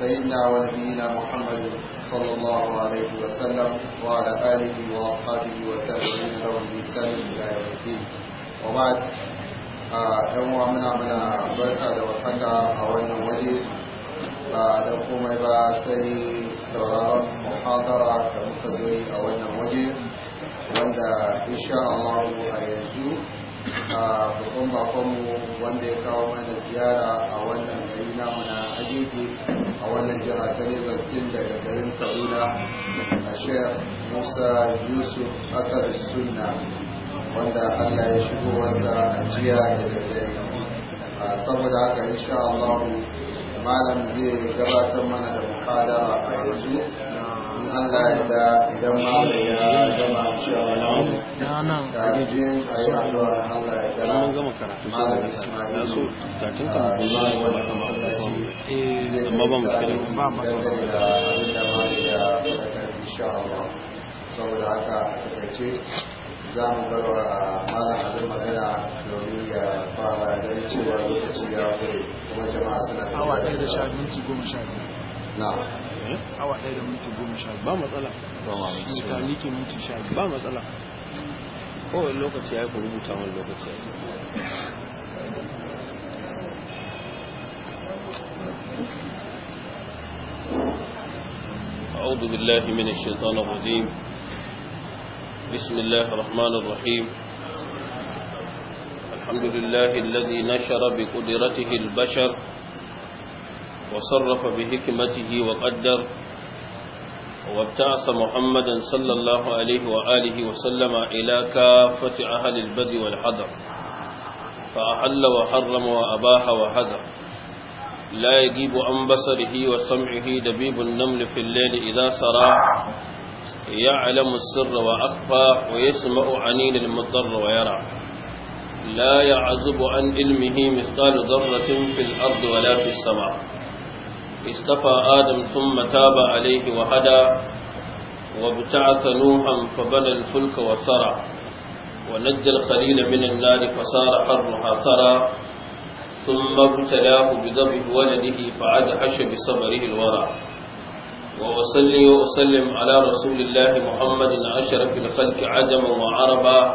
سيدنا ونبينا محمد صلى الله عليه وسلم وعلى آله وأصحابه والتابعين لهم بإحسان إلى يوم الدين وبعد ɗan uwa muna muna barka da warhaka a wannan waje ba da komai ba sai sauraron muhadara da muka zo a wannan waje wanda insha Allah a yanzu a babban bakonmu wanda ya kawo mana ziyara a wannan gari namu na a wannan jiha ta lebantin daga garin kaduna a shekh musa yusuf asar sunna wanda allah ya shigo wasa a jiya da daddare saboda haka insha allahu malam zai gabatar mana da muhadara a yanzu Allah da idan malam ya gama cewa nan da jin ayi addu'a Allah ya ka kuma ah, eh, ba mu ba mu da da ya insha Allah saboda haka a takaice za mu bar malam abin magana domin ya fara gani cewa lokaci ya kuma jama'a suna awa ɗaya da sha minti goma sha biyu awa ɗaya da minti goma sha ba matsala mekaniki minti sha ba matsala kowai lokaci ya yi ku rubuta wani lokaci ya yi أعوذ بالله من الشيطان الرجيم بسم الله الرحمن الرحيم الحمد لله الذي نشر بقدرته البشر وصرف بحكمته وقدر وابتعث محمدا صلى الله عليه وآله وسلم إلى كافة أهل البدء والحضر فأحل وحرم وأباح وحذر لا يجيب عن بصره وسمعه دبيب النمل في الليل إذا سرى يعلم السر وأخفى ويسمع عنين المضر ويرى لا يعزب عن علمه مثقال ذرة في الأرض ولا في السماء اصطفى آدم ثم تاب عليه وهدى وابتعث نوحا فبنى الفلك وسرى ونجى الخليل من النار فصار حرها ثرى ثم ابتلاه بذبح ولده فعدحش بصبره الورى وأصلي وأسلم على رسول الله محمد أشرف الخلق عجما وعربا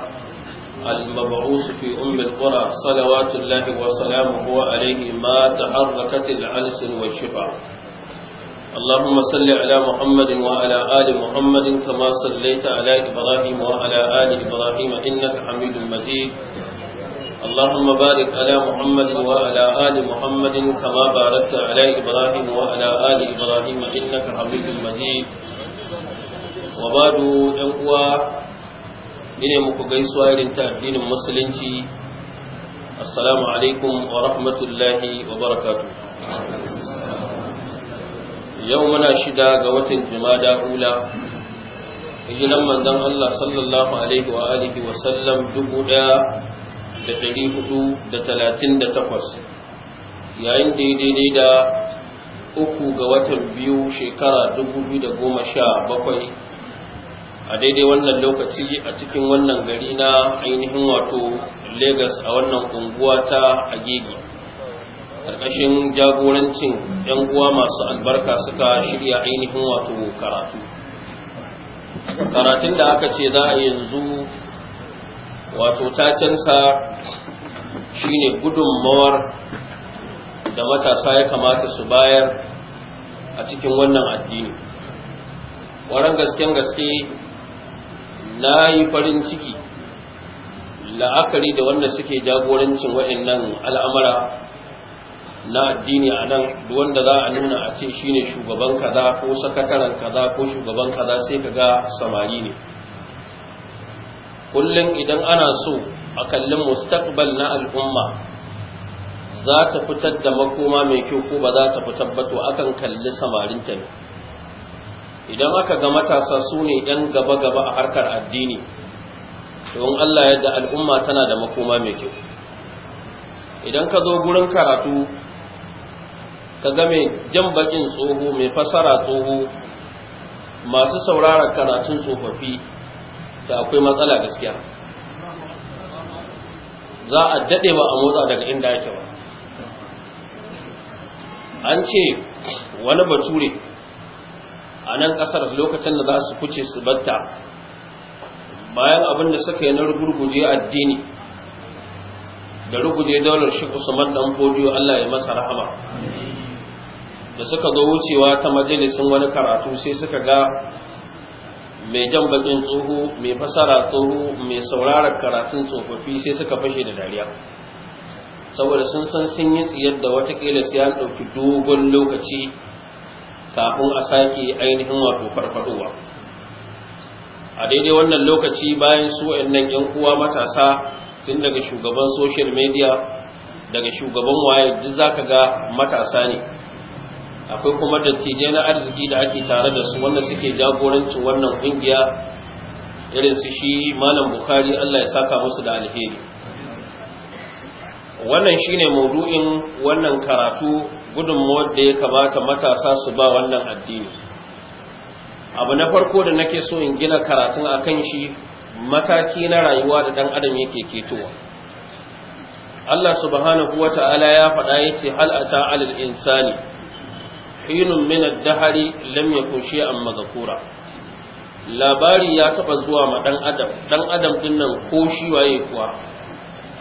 المبعوث في أم القرى صلوات الله وسلامه عليه ما تحركت الألسن والشفع اللهم صل على محمد وعلى آل محمد كما صليت على إبراهيم وعلى آل إبراهيم إنك حميد مجيد اللهم بارك على محمد وعلى آل محمد كما باركت على إبراهيم وعلى آل إبراهيم إنك حميد مجيد وبعد أن ine muku gaisuwa irin ta addinin musulunci assalamu alaikum wa rahmatullahi wa barakatu yau muna shida ga watan jimada ula hijiran manzon Allah sallallahu alaihi wa alihi wa sallam dubu daya da dari hudu da talatin da takwas yayin daidai da uku ga watan biyu shekara dubu da goma sha bakwai a daidai wannan lokaci a cikin wannan gari na ainihin wato Legas a wannan unguwa ta Agege, ƙarƙashin jagorancin 'yan uwa masu albarka suka shirya ainihin wato karatu karatun da aka ce za a yanzu wato takensa shine gudunmawar da matasa ya kamata su bayar a cikin wannan addini waran gasken gaske na yi farin ciki la'akari da wanda suke jagorancin wa'annan al'amara na addini a nan wanda za a nuna a ce shine shugaban kaza ko sakataren kaza ko shugaban kaza sai ka ga samari ne kullum idan ana so a kallon mustaqbal na al'umma za ta fitar da makoma mai kyau ko ba za ta fitar ba to akan kalli samarinta ne idan aka ga matasa su ne 'yan gaba-gaba a harkar addini don Allah yadda al'umma tana da makoma mai kyau idan ka zo gurin karatu ka ga mai jan bakin tsoho mai fasara tsoho masu saurara karatun tsofaffi da akwai matsala gaskiya za a daɗe ba a motsa daga inda ake ba an ce wani bature a nan ƙasar lokacin da za su kuce su batta bayan abin da suka yi na rugurguje addini da ruguje daular shi usman dan fodiyo Allah ya masa rahama da suka zo wucewa ta majalisin wani karatu sai suka ga mai jan bakin tsoho mai fasara tsoho mai sauraron karatun tsofaffi sai suka fashe da dariya saboda sun san sun yi tsiyar da watakila sai an ɗauki dogon lokaci kafin a sake ainihin wato farfadowa a daidai wannan lokaci bayan su wayannan yan uwa matasa tun daga shugaban social media daga shugaban waye duk zaka ga matasa ne akwai kuma dattijai na arziki da ake tare da su wanda suke jagorancin wannan kungiya irin su shi malam bukari, Allah ya saka musu da alheri wannan shine maudu'in wannan karatu gudunmuwar da ya kamata matasa su ba wannan addini abu na farko da nake so in gina karatun a kan shi mataki na rayuwa da dan adam yake ketowa Allah subhanahu ta'ala ya faɗa yace hal ata alil insani hinun min dahari dahri lam kunshi an magakura labari ya taɓa zuwa ma ɗan adam ɗan adam ɗin nan ko shi waye kuwa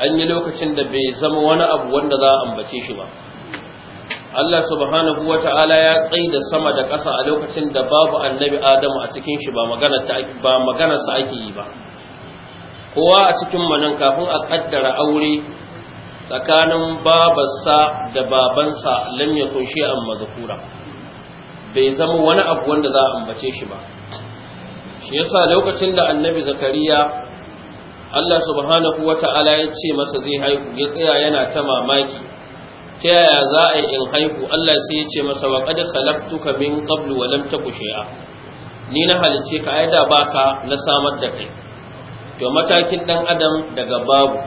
an yi lokacin da bai zama wani abu wanda za a ambace shi ba Allah subhanahu wata'ala ya tsayi da sama da ƙasa a lokacin da babu annabi Adamu a cikin shi ba magana ta ba magana sa ake yi ba kowa a cikin manan kafin a kaddara aure tsakanin babarsa da babansa lam yakun shay'an mazkura bai zama wani abu wanda za a ambace shi ba shi yasa lokacin da annabi Zakariya Allah subhanahu wa ta'ala ya ce masa zai haihu ya tsaya yana ta mamaki ta yaya za a yi in haihu Allah sai ya ce masa wa da khalaqtuka min qablu wa lam taku ni na halice ka ai da baka na samar da kai to matakin ɗan adam daga babu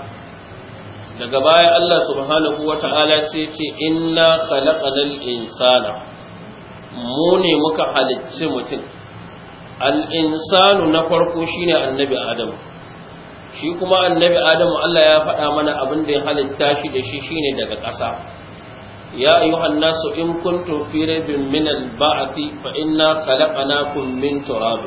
daga baya Allah subhanahu wa ta'ala sai ya ce inna khalaqnal insana mu ne muka halicci mutum al insanu na farko shine annabi adam shi kuma annabi adamu Allah ya faɗa mana abin da ya halitta shi da shi shine daga ƙasa ya ayyuhan nasu in kuntum fi raibin min al-ba'thi fa inna khalaqnakum min turab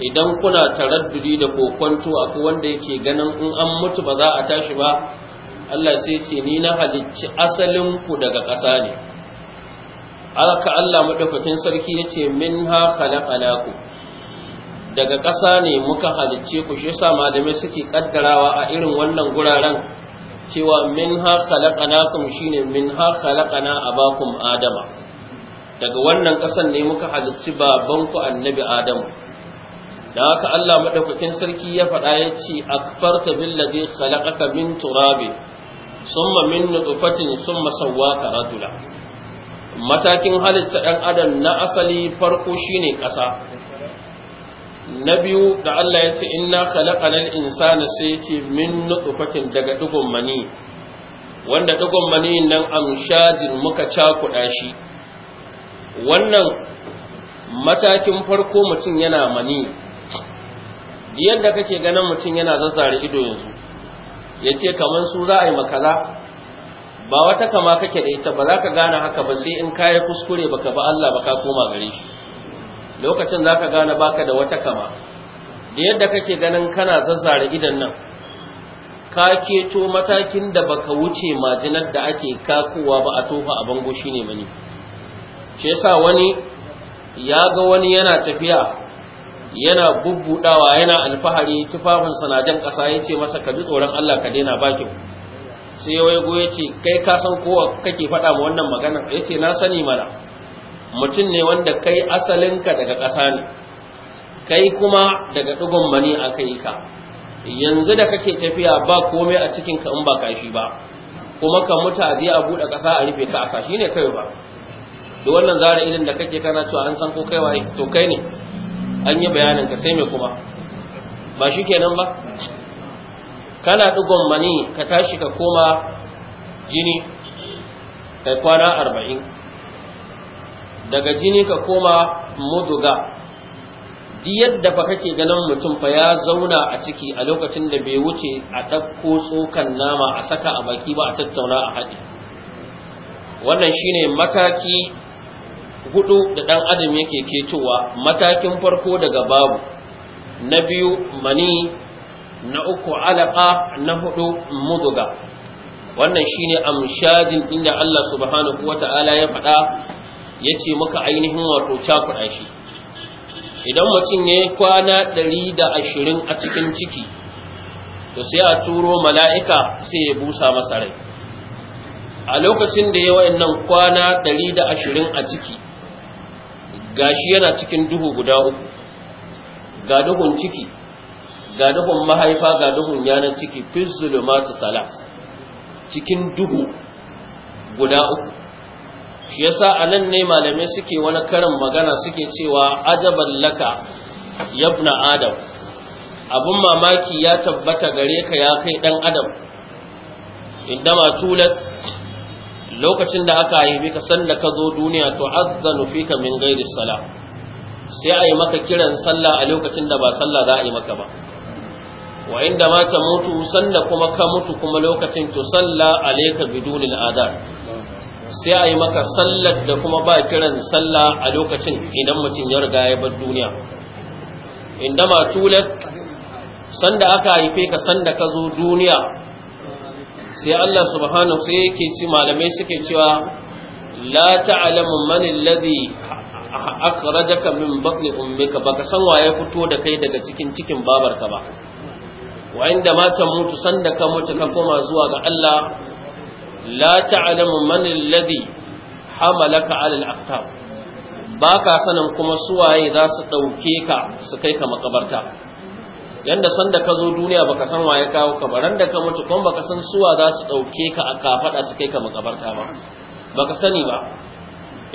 idan kuna taraddudi da kokonto akwai wanda yake ganin in an mutu ba za a tashi ba Allah sai ce ni na halicci asalin ku daga ƙasa ne aka Allah madaukakin sarki yace minha khalaqnakum daga ƙasa ne muka halicce ku shi sa malamai suke kaddarawa a irin wannan guraren cewa min ha khalaqnakum shine min ha khalaqana abakum adama daga wannan ƙasan ne muka halicci babanku annabi adamu da haka Allah madaukakin sarki ya faɗa ya ce akfarta billadhi khalaqaka min turabi summa min nutfatin summa sawwaka rajula matakin halitta ɗan adam na asali farko shine ƙasa na biyu da Allah ya ce inna khalaqanal insana sai yake min nutfatin daga digon mani wanda digon mani nan amshajin muka cakuda shi wannan matakin farko mutum yana mani yadda kake ganin mutum yana zazzare ido yanzu yace kaman su za a yi makaza ba wata kama kake da ita ba za ka gane haka ba sai in kaya kuskure baka ba Allah ba ka koma gare shi lokacin za ka gane baka da wata kama da yadda kake ganin kana zazzare idan nan ka keto matakin da baka wuce majinar da ake kakowa ba a tofa a bango shine mani shi yasa wani ya ga wani yana tafiya yana bubbudawa yana alfahari tufafin sanajan ƙasa ya ce masa ka ji tsoron Allah ka daina kyau. sai ya waigo ya ce kai ka san kowa kake faɗa ma wannan magana ya ce na sani mana mutum ne wanda kai asalinka daga ƙasa ne kai kuma daga ɗigon mani aka yi ka yanzu da kake tafiya ba komai a cikinka in ba kashi ba kuma ka mutu a a buɗe ƙasa a rufe ka a kashi ne kai ba da wannan zara irin da kake kana cewa an san ko kai waye to kai ne an yi bayanin ka sai me kuma ba shi kenan ba kana ɗigon mani ka tashi ka koma jini kai kwana arba'in daga jini ka koma muduga duk yadda fa kake ganin mutum fa ya zauna a ciki a lokacin da bai wuce a ɗauko tsokan nama a saka a baki ba a tattauna a haɗi wannan shine mataki hudu da ɗan adam yake cewa matakin farko daga babu na biyu mani na uku alaƙa na hudu muduga wannan shine amshadin inda Allah subhanahu wata'ala ya faɗa Ya ce maka ainihin wato cakuɗa shi idan mutum ya yi kwana ɗari da ashirin a cikin ciki to sai a turo mala'ika sai ya busa masa rai a lokacin da ya nan kwana ɗari da ashirin a ciki shi yana cikin duhu guda uku ga duhun ciki ga duhun mahaifa ga duhun yanar ciki fi zulumatu salas cikin duhu guda uku shi yasa anan ne malamai suke wani karin magana suke cewa ajaban laka yabna adam Abin mamaki ya tabbata gare ka ya kai dan adam indama tulat lokacin da aka haifi ka sanda ka zo duniya to azzanu fika min ghairi Sala. sai a yi maka kiran sallah a lokacin da ba sallah za a yi maka ba wa inda ma ta mutu sanda kuma ka mutu kuma lokacin to sallah alayka bidunil adar sai a yi maka sallar da kuma ba kiran sallah a lokacin idan mutum ya riga ya bar duniya Inda ma tulat sanda aka haife ka sanda ka zo duniya sai Allah subhanahu sai yake ci malamai suke cewa la ta'lamu man alladhi akhrajaka min batni ummika baka san waye fito da kai daga cikin cikin babarka ba wa inda ma ta mutu sanda ka mutu ka koma zuwa ga Allah la ta'lamu man alladhi hamalaka 'ala al-aqtab baka sanin kuma suwaye za su dauke ka su kai ka makabarta yanda sanda ka zo duniya baka san waye kawo ka baran da ka mutu kuma baka san suwa za su dauke ka a kafada su kai ka makabarta ba baka sani ba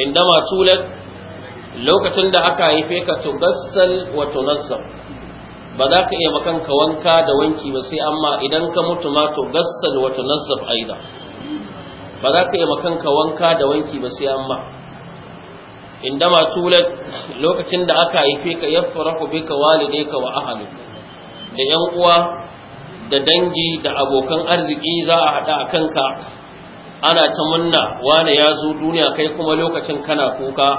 indama tulat lokacin da aka haife ka tugassal wa tunazzab ba za ka iya kanka wanka da wanki ba sai amma idan ka mutu ma tugassal wa tunazzab aida ba za ka yi makanka wanka da wanki ba sai an ma indama tulat lokacin da aka haife ka ya ka walide ka wa ahli da yan uwa da dangi da abokan arziki za a hada a kanka ana ta munna wani ya zo duniya kai kuma lokacin kana kuka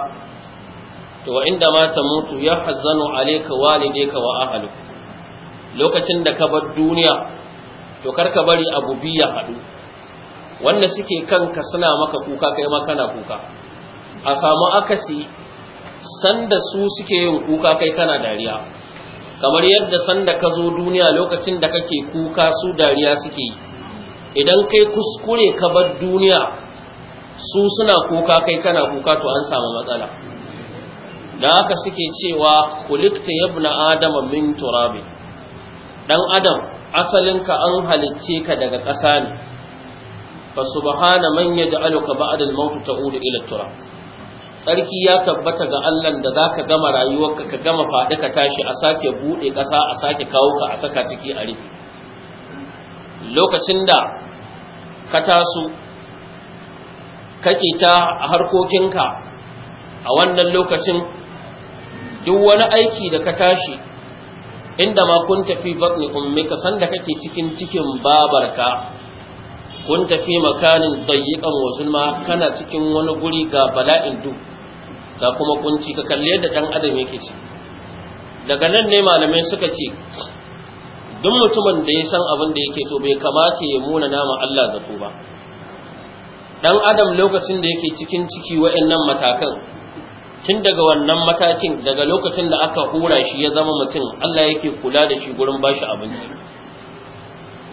to wa inda ma ta mutu ya hazzanu alayka ka wa ahli lokacin da ka bar duniya to karka bari abu biya haɗu. wanda suke kanka suna maka kuka kai ma kana kuka a samu akasi sanda su suke yin kuka kai kana dariya kamar yadda sanda ka zo duniya lokacin da kake kuka su dariya suke yi idan kai kuskure ka bar duniya su suna kuka kai kana kuka to an samu matsala da haka suke cewa kulikta yabna adama min turabi dan adam asalinka an halicce ka daga ƙasa ne fa subhana man yaj'aluka ba'da al-maut ta'ulu ila turab sarki ya tabbata ga Allah da zaka gama rayuwarka ka gama faɗi ka tashi a sake bude ƙasa a sake kawo ka a saka ciki a rufe lokacin da ka taso kake ta harkokinka a wannan lokacin duk wani aiki da ka tashi inda ma kun tafi batni ka sanda kake cikin cikin babarka kun tafi makanin dayyikan wa kana cikin wani guri ga bala'in duk ga kuma kunci ka kalli yadda dan adam yake ci daga nan ne malamai suka ce duk mutumin da ya san abin da yake to bai kamata ya muna nama Allah zato ba dan adam lokacin da yake cikin ciki wayannan matakan tun daga wannan matakin daga lokacin da aka hura shi ya zama mutum Allah yake kula da shi gurin bashi abinci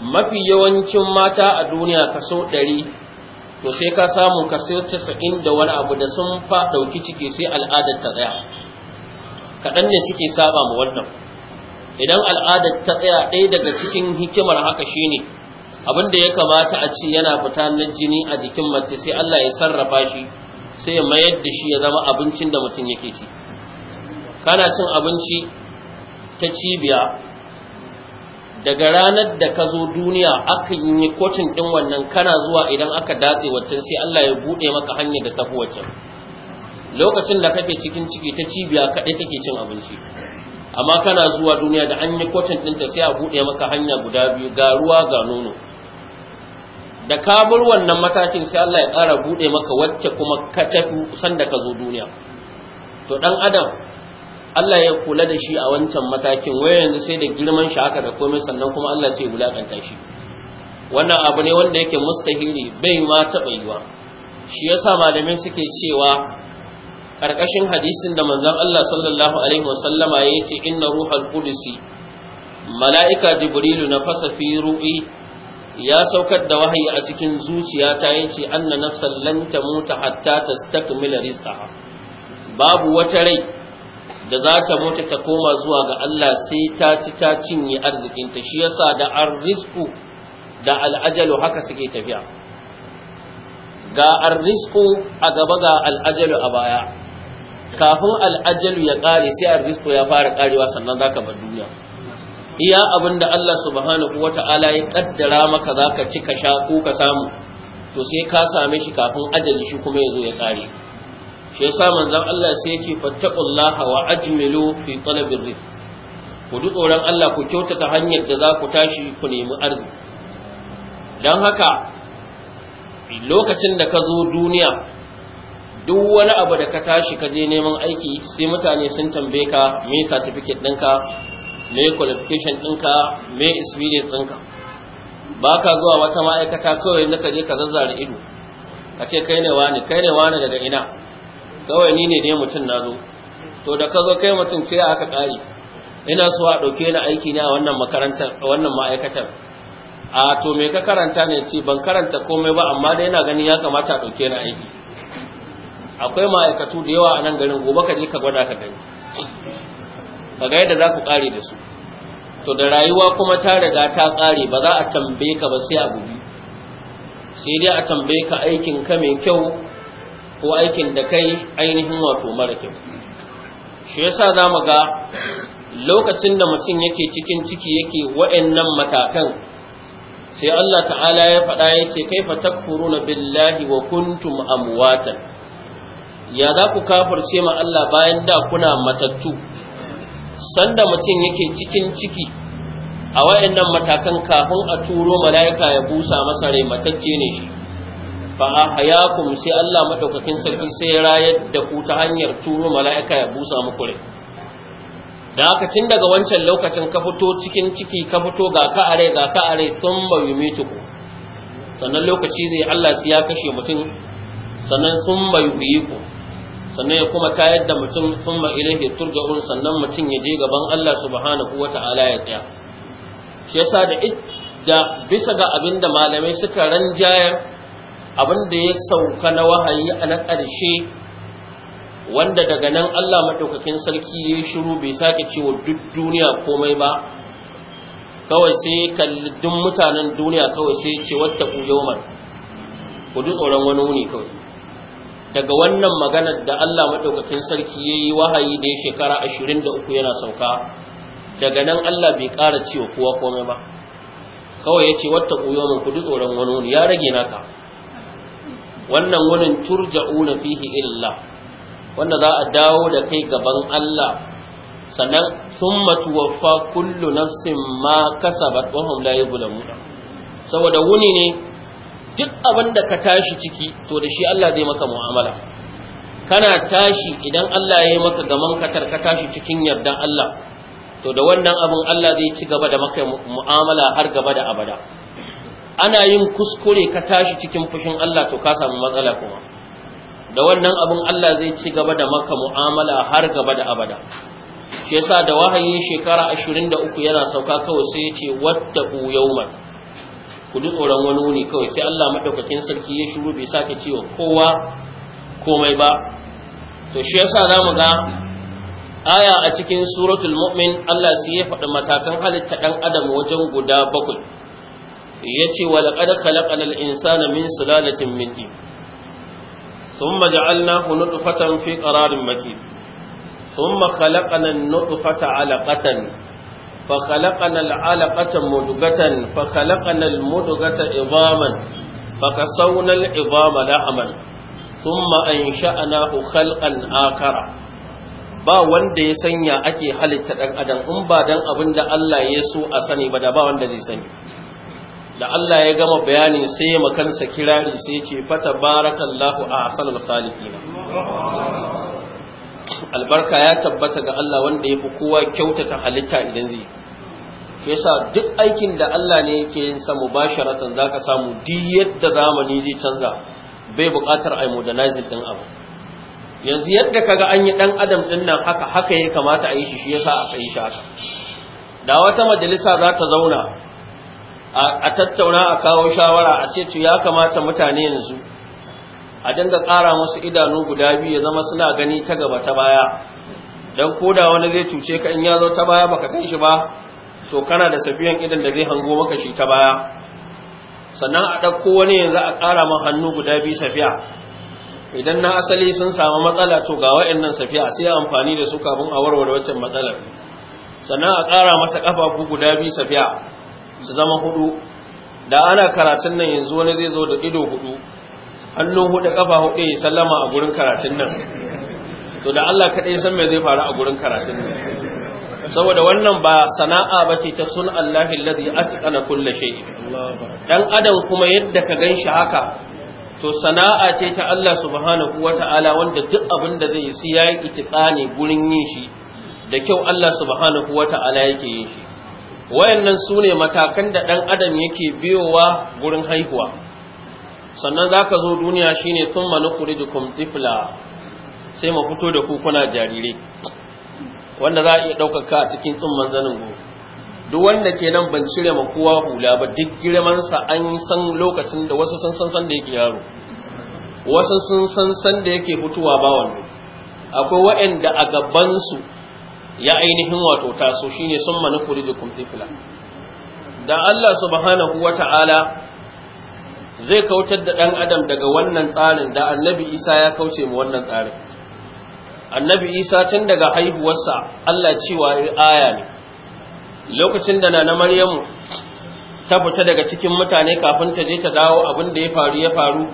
mafi yawancin mata a duniya kaso ɗari to sai ka samu kaso casa'in da wani abu da sun fa ɗauki ciki sai al'adar ta tsaya kaɗan ne suke saba ma wannan idan al'adar ta tsaya ɗaya daga cikin hikimar haka shine abin da ya kamata a ci yana fita na jini a jikin mace sai Allah ya sarrafa shi sai ya mayar da shi ya zama abincin da mutum yake ci kana cin abinci ta cibiya daga ranar da ka zo duniya aka yi kotun ɗin wannan kana zuwa idan aka datse wacce sai Allah ya buɗe maka hanya da tafi waccan lokacin da kake cikin ciki ta cibiya kaɗai take cin abinci amma kana zuwa duniya da an yi kocin ɗinta sai a buɗe maka hanya guda biyu ga ruwa ga nono da ka bar wannan matakin sai Allah ya ƙara buɗe maka wacce kuma ka tafi sanda ka zo duniya to dan adam Allah ya kula da shi a wancan matakin wai yanzu sai da girman shi haka da komai sannan kuma Allah sai wulakanta shi wannan abu ne wanda yake mustahili bai ma taɓa yiwa shi yasa malamai suke cewa ƙarƙashin hadisin da manzon Allah sallallahu alaihi wasallama ya ce inna ruhal qudusi mala'ika jibrilu na fasa fi ru'i ya saukar da wahayi a cikin zuciyata yace anna nafsan lan tamuta hatta tastakmila rizqaha babu wata rai da za ta mutu ta koma zuwa ga Allah sai ta ci ta cinye arzikinta shi yasa da arrisku da al'ajalu haka suke tafiya ga arrisku a gaba ga al'ajalu a baya kafin al'ajalu ya ƙare sai arrisku ya fara ƙarewa sannan za ka bar duniya iya abin da Allah subhanahu wa ta'ala ya ƙaddara maka za ka ci ka sha ko ka samu to sai ka same shi kafin ajali shi kuma ya zo ya ƙare shi yasa manzon Allah sai yake fattaqullaha wa ajmilu fi talabir rizq ku duk tsoron Allah ku kyautata hanyar da za ku tashi ku nemi arziki dan haka lokacin da ka zo duniya duk wani abu da ka tashi ka je neman aiki sai mutane sun tambaye ka me certificate ɗinka me qualification ɗinka me experience ɗinka ba ka zuwa wata ma'aikata kawai na ka je ka zazzara ido a ce kai ne wani kai ne wani daga ina kawai ni ne dai mutum na zo to da ka zo kai mutum sai aka ƙari ina so a ɗauke ni aiki ne a wannan makarantar ma'aikatar a to me ka karanta ne ce ban karanta komai ba amma dai ina ganin ya kamata a ɗauke ni aiki akwai ma'aikatu da yawa a nan garin gobe ka ka gwada ka gani ka ga yadda za ku ƙare da su to da rayuwa kuma ta riga ta ƙare ba za a tambaye ka ba sai a gudu. sai dai a tambaye ka aikin ka mai kyau ko aikin da kai ainihin wato mara kyau shi yasa za mu ga lokacin da mutum yake cikin ciki yake wa'annan matakan sai Allah ta'ala ya faɗa ya ce 'Kai kaifa takfuruna billahi wa kuntum amwatan ya za ku kafirce ma Allah bayan da kuna matattu sanda mutum yake cikin ciki a wa'annan matakan kafin a turo mala'ika ya busa masa rai matacce ne shi fa mu sai Allah madaukakin sarki sai rayar da ku ta hanyar turo mala'ika ya busa muku rai da haka tun daga wancan lokacin ka fito cikin ciki ka fito ga ka are ga ka are sun ba yumituku sannan lokaci zai Allah sai ya kashe mutum sannan sun ba ku. sannan ya kuma tayar da mutum sun ma ilaihi turga'un sannan mutum ya je gaban Allah subhanahu wata'ala ya tsaya shi yasa da da bisa ga abin da malamai suka ranjayar abin da ya sauka na wahayi a na ƙarshe wanda daga nan Allah maɗaukakin sarki ya yi shiru bai sake cewa duk duniya komai ba kawai sai kalli duk mutanen duniya kawai sai ce wata ku ku duk tsoron wani wuni kawai daga wannan maganar da Allah maɗaukakin sarki ya yi wahayi da ya shekara ashirin da uku yana sauka daga nan Allah bai ƙara cewa kowa komai ba kawai ya ce wata ƙuyomin ku duk tsoron wani wuni ya rage naka wannan wurin turja'una fihi illallah wanda za a dawo da kai gaban Allah sannan summa tuwaffa kullu nafsin ma kasabat wa hum la yuzlamuna saboda wuni ne duk abin da ka tashi ciki to da shi Allah zai maka mu'amala kana tashi idan Allah ya yi maka gaman katar ka tashi cikin yardan Allah to da wannan abin Allah zai ci gaba da maka mu'amala har gaba da abada ana yin kuskure ka tashi cikin fushin Allah to ka samu matsala kuma da wannan abin Allah zai ci gaba da maka mu'amala har gaba da abada shi yasa da wahayi shekara 23 yana sauka kawai sai ya ce wattaqu yawman ku ji tsoron wani wuni kawai sai Allah madaukakin sarki ya shiru bai sake cewa kowa komai ba to shi yasa zamu ga aya a cikin suratul mu'min Allah sai ya faɗi matakan halitta dan adam wajen guda bakwai Ya ce wa laqad khalaqana al-insana min sulalatin min tin thumma ja'alnahu nutfatan fi qararin makin thumma khalaqana an-nutfata 'alaqatan fa khalaqana al-'alaqata mudghatan fa khalaqana al-mudghata 'idhaman fa kasawna al-'idhama lahman thumma ansha'nahu khalqan akara ba wanda ya sanya ake halitta ɗan adam in ba don abin da Allah ya so a sani ba da ba wanda zai sani da Allah ya gama bayani sai ya makansa kirari sai ce fata barakallahu a asalul khaliqina albarka ya tabbata ga Allah wanda ya fi kowa kyautata halitta idan zai shi yasa duk aikin da Allah ne yake yin sa mubasharatan zaka samu di yadda zamani zai canza bai buƙatar ai modernizing din abu yanzu yadda kaga an yi ɗan adam din nan haka haka ya kamata a yi shi shi yasa aka yi shi haka da wata majalisa za ta zauna a tattauna a kawo shawara a ce ya kamata mutane yanzu a dinga ƙara musu idanu guda biyu ya zama suna gani ta gaba ta baya don koda wani zai cuce ka in ya zo ta baya baka kai shi ba to kana da safiyan idan da zai hango maka shi ta baya sannan a ɗauko wani yanzu a ƙara man hannu guda biyu safiya idan na asali sun samu matsala to ga wa'annan safiya sai amfani da su kafin a warware wancan matsalar sannan a ƙara masa ƙafafu guda biyu safiya su zama hudu da ana karatun nan yanzu wani zai zo da ido hudu hannu hudu kafa hudu ya sallama a gurin karatun nan to da Allah kaɗai san mai zai faru a gurin karatun nan saboda wannan ba sana'a ba ce ta sun Allah alladhi atqana kulli shay dan adam kuma yadda ka ganshi haka to sana'a ce ta Allah subhanahu wata'ala wanda duk abin da zai yi sai yayi itiqani gurin yin shi da kyau Allah subhanahu wata'ala yake yin shi wayannan su ne matakan da ɗan adam yake biyowa gurin haihuwa sannan za ka zo duniya shi shine tun manukuri da kumtifla sai mu fito da kukuna jarire wanda za a iya ɗaukaka a cikin tsumman manzanin go duk wanda ke nan ban cire ma kowa hula ba duk girmansa an san lokacin da wasu sun san san da yake yaro wasu sun san san da yake fitowa ba wando akwai wa'anda a gabansu ya ainihin wato taso shine summa nukhrijukum tifla da Allah subhanahu wata'ala zai kautar da ɗan adam daga wannan tsarin da annabi isa ya kauce mu wannan tsarin annabi isa tun daga haihuwarsa allah cewa ya aya ne lokacin da na na maryamu ta fita daga cikin mutane kafin ta je ta dawo abin da ya faru ya faru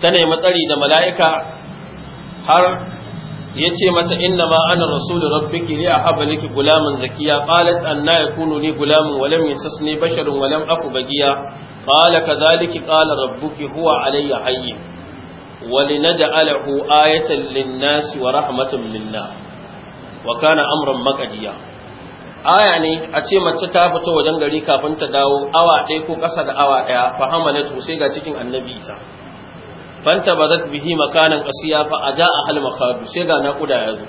ta nemi tsari da mala'ika har ya ce mata inna ma ana rasulun rabbiki li a haɓa liki gulamin zakiya qalat anna ya kunu ni gulamin lam yasni basharun lam aku bagiya qala kadhalika qala rabbuki huwa alayya hayyin lin-nas wa rahmatan ورحمة wa kana amran مقديا aya ne a ce mace ta fito wajen gari kafin ta dawo awa ɗaya ko ƙasa da awa ɗaya fa hamalatu sai ga cikin annabi isa fanta ba zat bihi makanan asiya fa aja ahal makhadu sai ga naƙuda ya zo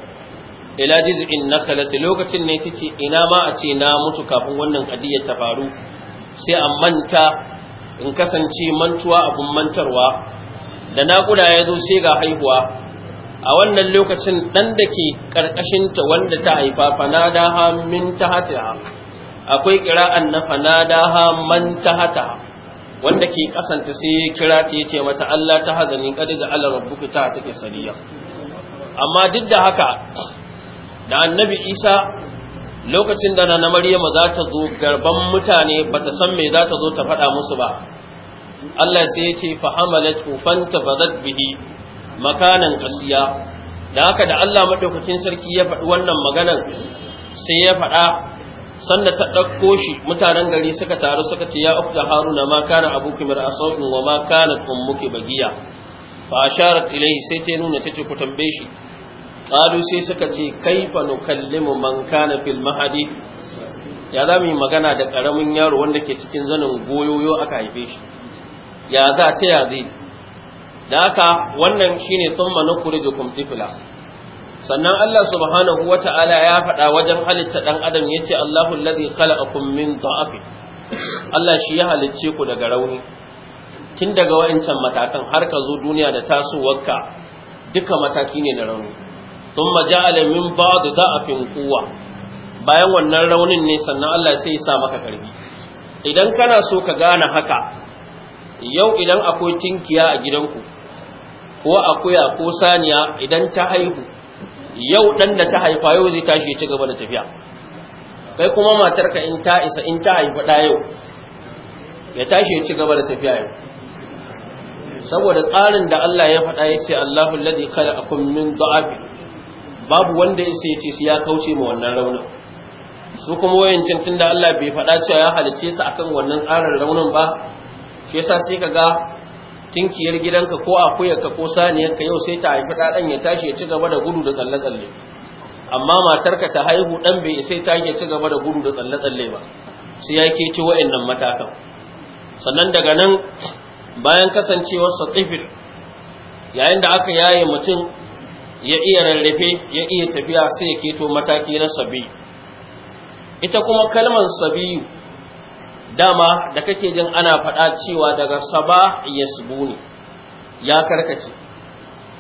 ila jiz'in nakalat lokacin ne take ina ma a ce na mutu kafin wannan kadiyar ta faru sai a manta in kasance mantuwa abun mantarwa da naƙuda ya zo sai ga haihuwa a wannan lokacin ɗan da ke ƙarƙashinta wanda ta haifa fanadaha min tahatiha akwai ƙira'an na fanadaha man hata. wanda ke kasanta sai ya kira ta yace mata Allah ta hazani kad da Allah rabbuka ta take sariya amma duk da haka da annabi Isa lokacin da na Maryama za ta zo garban mutane bata san me za ta zo ta faɗa musu ba Allah sai ya ce fa hamalat ufanta fadat bihi makanan qasiya da haka da Allah madaukakin sarki ya faɗi wannan maganar sai ya faɗa sanda ta ɗauko shi mutanen gari suka taru suka ce ya ukta haruna ma kana abuki mar'asawin wa ma kana ummuki bagiya fa asharat ilayhi sai ta nuna tace ku tambaye shi qalu sai suka ce kaifa nukallimu man kana fil mahadi ya za mu yi magana da karamin yaro wanda ke cikin zanin goyoyo aka haife shi ya za ta ya zai da haka wannan shine thumma nukhrijukum tifla sannan Allah subhanahu wa ta'ala ya faɗa wajen halitta ɗan adam ya ce Allahu alladhi khalaqakum min da'afin Allah shi ya halicce ku daga rauni tun daga wa'incan matakan har ka zo duniya da tasowarka duka mataki ne na rauni thumma ja'ala min ba'd da'afin quwwa bayan wannan raunin ne sannan Allah sai ya sa maka karbi idan kana so ka gane haka yau idan akwai tinkiya a gidanku ko akuya ko saniya idan ta haihu yau dan da ta haifa yau zai tashi ya ci gaba da tafiya kai kuma matar ka in ta isa in ta haifa da yau ya tashi ya ci gaba da tafiya yau saboda tsarin da Allah ya faɗa ya ce Allahu alladhi khalaqakum min da'af babu wanda ya ce sai ya kauce ma wannan raunin su kuma wayancin tunda Allah bai faɗa cewa ya halice su akan wannan tsarin raunin ba shi yasa sai kaga tinkiyar gidanka ko akuyarka ko saniyarka yau sai ta haifi ɗaɗan ya tashi ya ci gaba da gudu da tsalle-tsalle amma matarka ta haihu ɗan bai sai ta ya ci gaba da gudu da tsalle-tsalle ba sai ya ke ci wa'annan matakan sannan daga nan bayan kasancewar sa tsifir yayin da aka yaye mutum ya iya rarrafe ya iya tafiya sai ya keto mataki na sabi ita kuma kalmar sabiyu dama da kake jin ana faɗa cewa daga saba yasbuni ya karkace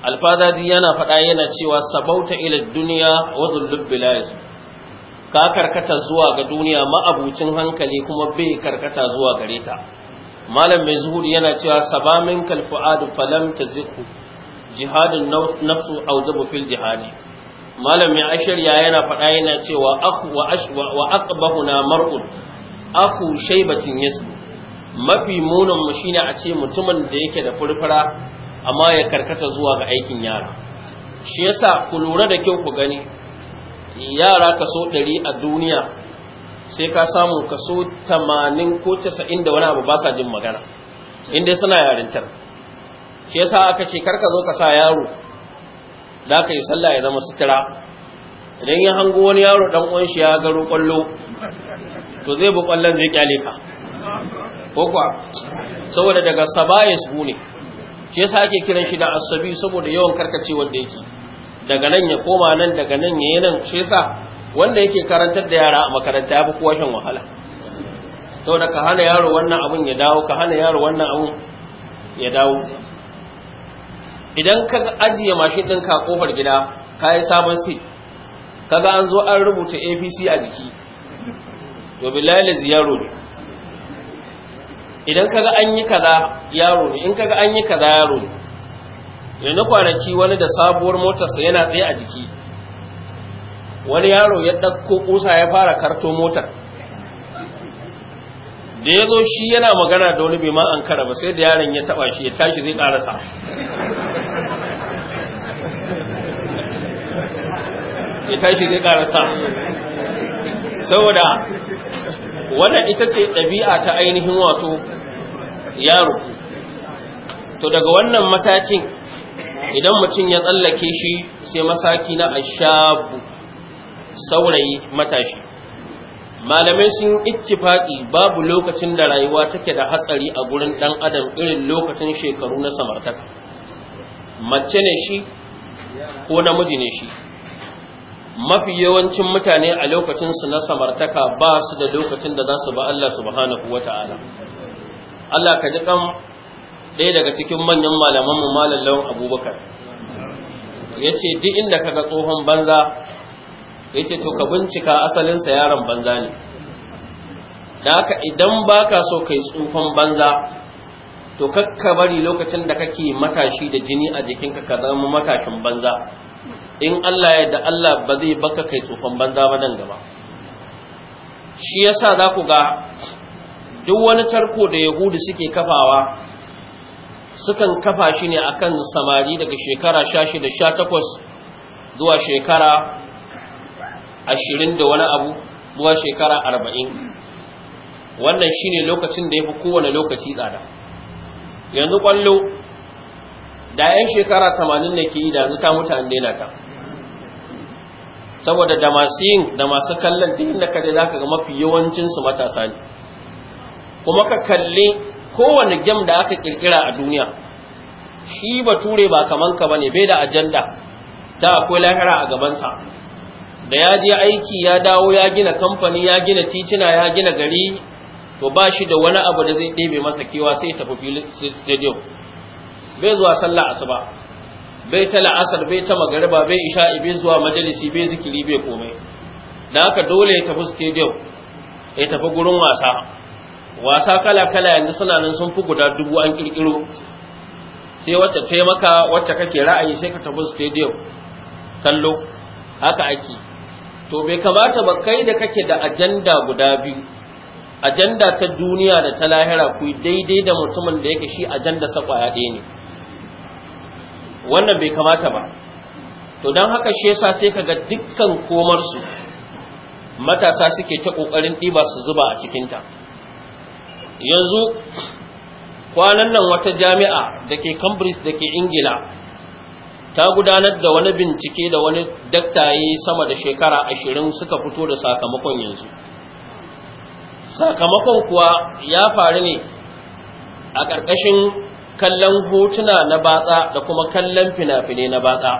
alfadadi yana faɗa yana cewa sabauta ila duniya wa dhullub bilayz ka karkata zuwa ga duniya ma'abucin hankali kuma bai karkata zuwa gare ta malam mai zuhuri yana cewa sabamin min kalfu'adu falam tazikku jihadun nafsu auzabu fil jihadi malam mai ashirya yana faɗa yana cewa wa aqbahuna mar'un aku shaibatin yasu mafi munin mu shine a ce mutumin da yake da furfura amma ya karkata zuwa ga aikin yara shi yasa ku lura da kyau ku gani yara kaso 100 a duniya sai ka samu kaso 80 ko 90 da wani abu ba sa jin magana inda suna yarintar shi yasa aka ce karka zo ka sa yaro da ka yi sallah ya zama sutura idan ya hango wani yaro dan uwan shi ya garo kwallo to zai bi kwallon zai kyale ka ko kuwa saboda daga sabayis ne shi yasa ake kiran shi da asabi saboda yawan karkacewar da yake daga nan ya koma nan daga nan ya yi nan shi yasa wanda yake karantar da yara a makaranta ya fi kowa shan wahala saboda ka hana yaro wannan abun ya dawo ka hana yaro wannan abun ya dawo idan ka ajiye mashin ɗinka a ƙofar gida ka yi sabon si kaga an zo an rubuta apc a jiki to bilal ziyaro ne idan kaga an yi kaza yaro ne in kaga an yi kaza yaro ne na kwanaki wani da sabuwar motarsa yana tsaye a jiki wani yaro ya ɗauko ƙusa ya fara karto motar da ya zo shi yana magana da wani bima an kara ba sai da yaron ya taɓa shi ya tashi zai ƙarasa ya tashi zai ƙarasa saboda wannan ita ce ɗabi'a ta ainihin wato yaro to daga wannan matakin idan mutum ya tsallake shi sai masaki na ashabu saurayi matashi malamai sun ittifaƙi babu lokacin da rayuwa take da hatsari a gurin ɗan adam irin lokacin shekaru na samartaka mace ne shi ko namiji ne shi mafi yawancin mutane a lokacin su na samartaka ba su da lokacin da za su ba Allah subhanahu wa ta'ala. Allah ka ji kan ɗaya daga cikin manyan malamanmu malallawan abubakar. Ya duk inda kaga tsohon banza, yace ce, to ka bincika asalinsa yaron banza ne. Da haka idan baka so kai tsohon banza, to kakka bari lokacin da kake matashi da jini a jikinka ka zama matashin banza. in Allah ya da Allah ba zai baka kai tsofan banza ba nan gaba shi yasa za ku ga duk wani tarko da yahudu suke kafawa sukan kafa shi ne akan samari daga shekara sha takwas zuwa shekara ashirin da wani abu zuwa shekara arba'in, wannan shi ne lokacin da ya fi kowane lokaci tsada yanzu kwallo da 'yan shekara tamanin da ke idanu ta mutane na ta saboda da masu yin da masu kallon duk inda za ka ga mafi yawancin su matasa ne kuma ka kalli kowane gem da aka kirkira a duniya shi ba ture ba kaman ka bane bai da ajanda ta akwai lahira a gabansa da ya je aiki ya dawo ya gina kamfani ya gina titina ya gina gari to ba shi da wani abu da zai ɗebe masa kewa sai tafi filin stadium bai zuwa sallah asuba bai ta la'asar bai ta magariba bai isha'i bai zuwa majalisi bai zikiri bai komai da haka dole ya tafi stadium ya tafi gurin wasa wasa kala kala yanzu suna nan sun fi guda dubu an kirkiro sai wacce taimaka wacce kake ra'ayi sai ka tafi stadium kallo haka ake to bai kamata ba kai da kake da ajanda guda biyu ajanda ta duniya da ta lahira ku daidai da mutumin da yake shi ajanda sa kwaya ɗaya ne wannan bai kamata ba to don haka shi yasa sai kaga dukkan komarsu matasa suke ta ƙoƙarin ɗiba su zuba a cikinta yanzu kwanan nan wata jami'a da ke cambridge da ke ingila ta gudanar da wani bincike da wani daktaye sama da shekara ashirin suka fito da sakamakon yanzu sakamakon kuwa ya faru ne a ƙarƙashin kallon hotuna na batsa da kuma kallon fina-finai na batsa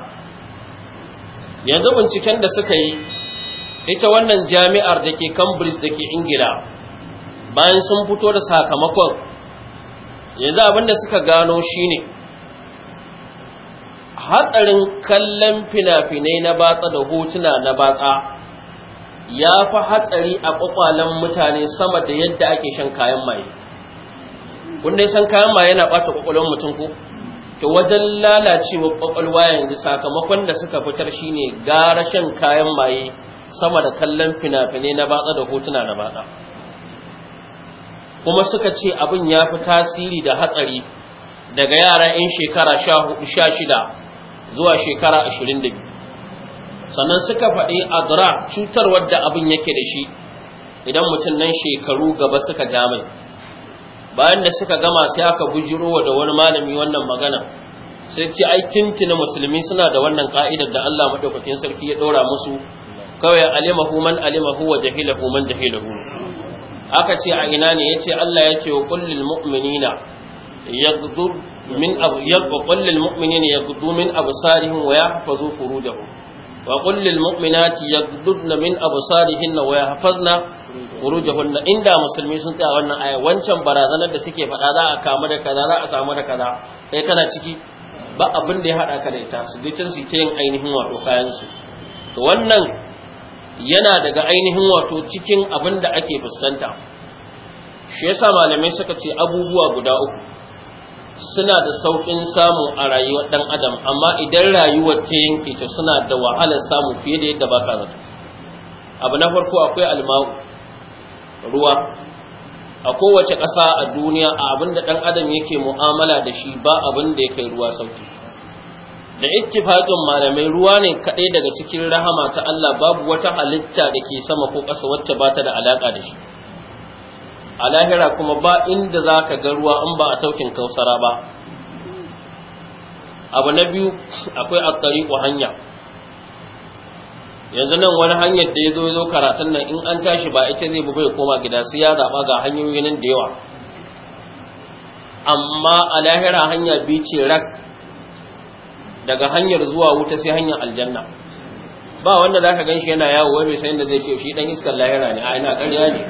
yanzu binciken da suka yi ita wannan jami'ar da ke cambridge da ke ingila bayan sun fito da sakamakon yanzu abinda suka gano shine hatsarin kallon fina-finai na batsa da hotuna na batsa ya fi hatsari a kwakwalen mutane sama da yadda ake shan kayan maye wanda ya san kayan ma yana bata kwakwalwar mutum ko to wajen lalacewa kwakwalwa yanzu sakamakon da suka fitar shi ne gara shan kayan maye sama da kallon fina-finai na batsa da hotuna na batsa kuma suka ce abin ya fi tasiri da hatsari daga yara 'yan shekara sha shida zuwa shekara ashirin da biyu sannan suka faɗi a adrar cutar wadda abin yake da shi idan mutum nan shekaru gaba suka gamai bayan da suka gama sai aka bujirowa da wani malami wannan magana sai ce ai tintina musulmi suna da wannan ka'idar da Allah madaukakin sarki ya dora musu kawai alimahu man alimahu wa jahilahu man jahilahu aka ce a ina ne yace Allah ya ce wa kullil mu'minina yaghzur min abu yabqa kullil mu'minina yaghdu min absarihim wa yahfazu furujahum wa kullil mu'minati yaghdudna min absarihinna wa yahfazna na inda musulmi sun tsaya wannan aya wancan barazanar da suke faɗa za a kamu da kaza za a samu da kaza kai kana ciki ba abin da ya haɗa ka da ita su ji can su ta yin ainihin wato kayan su to wannan yana daga ainihin wato cikin abin da ake fuskanta shi yasa malamai suka ce abubuwa guda uku suna da saukin samu a rayuwar dan adam amma idan rayuwar ta yanke ta suna da wahalar samu fiye da yadda ba zato abu na farko akwai alma'u ruwa a kowace ƙasa a duniya a abin da ɗan adam yake mu'amala da shi ba abin da ya kai ruwa sauki da ittifaqin malamai ruwa ne kaɗai daga cikin rahama ta Allah babu wata halitta da ke sama ko ƙasa wacce ba ta da alaƙa da shi a lahira kuma ba inda za ka ga ruwa in ba a taukin kausara ba abu na biyu akwai akari hanya yanzu nan wani hanyar da ya zo zo karatun nan in an tashi ba ita zai bai koma gida sai ya zaɓa ga hanyoyi nan da yawa amma a lahira hanya biyu ce rak daga hanyar zuwa wuta sai hanyar aljanna ba wanda za gan ganshi yana yawo wai bai da zai ce shi dan iskar lahira ne a ina ƙarya ne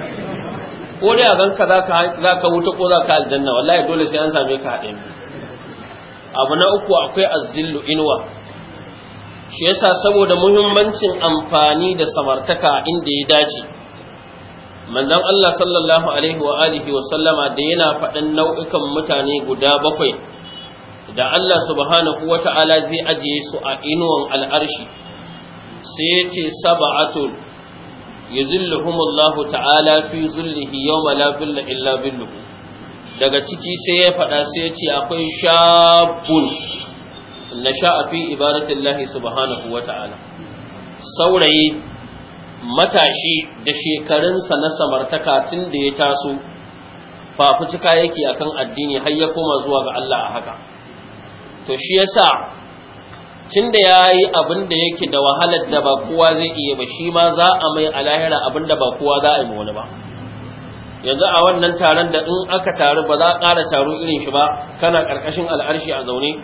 ko dai a ganka za ka wuta ko za ka aljanna wallahi dole sai an same ka haɗe abu na uku akwai azzillu inuwa. shi yasa saboda muhimmancin amfani da samartaka inda ya dace manzon Allah sallallahu alaihi wa alihi wa sallama da yana faɗin nau'ikan mutane guda bakwai da Allah subhanahu ta'ala zai ajiye su a inuwan al'arshi sai ya ce sab'atun Allah ta'ala fi zullihi yawma la zilla illa billuh daga ciki sai ya faɗa sai ya ce akwai shabun nasha'a fi ibadatullahi subhanahu ta'ala. saurayi matashi da shekarunsa na samartaka tun da ya taso fafutuka yake akan addini har ya koma zuwa ga Allah a haka to shi yasa tun da ya abin da yake da wahalar da ba kowa zai iya ba shi ma za a mai alahira abin da ba kowa za a yi wani ba yanzu a wannan taron da in aka taru ba za a ƙara taro irin shi ba kana ƙarƙashin al'arshi a zaune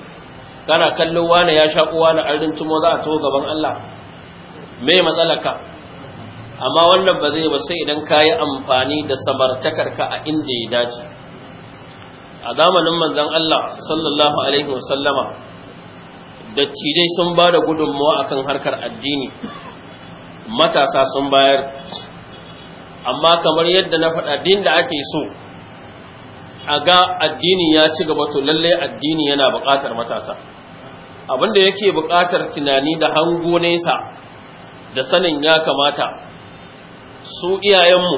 kana kallon wani ya sha uwa na arin tumo za a to gaban Allah me matsalaka amma wannan ba zai ba sai idan ka yi amfani da samartakarka a inda ya dace a zamanin manzon Allah sallallahu alaihi wasallama dattijai sun ba da a akan harkar addini matasa sun bayar amma kamar yadda na faɗa din da ake so a ga addini ya ci gaba to lallai addini yana buƙatar matasa abinda yake buƙatar tunani da hango nesa da sanin ya kamata su iyayenmu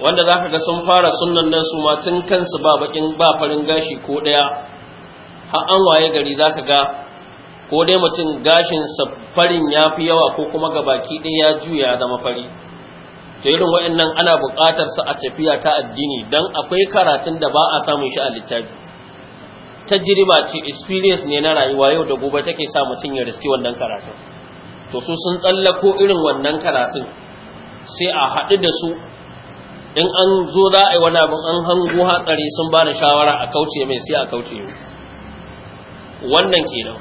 wanda za ka ga sun fara sunan nan su ma tun kansu ba bakin ba farin gashi ko ɗaya har an waye gari za ka ga ko dai mutum gashin farin ya fi yawa ko kuma ga baki ɗaya ya juya da zama fari to irin nan ana buƙatar sa a tafiya ta addini don akwai karatun da ba a samun shi a littafi tajriba ce experience ne na rayuwa yau da gobe take sa mutum ya riski wannan karatu, to su sun tsallako irin wannan karatun sai a haɗu da su in an zo za a yi wani abin an hango hatsari sun ba da shawara a kauce mai sai a kauce mai wannan kenan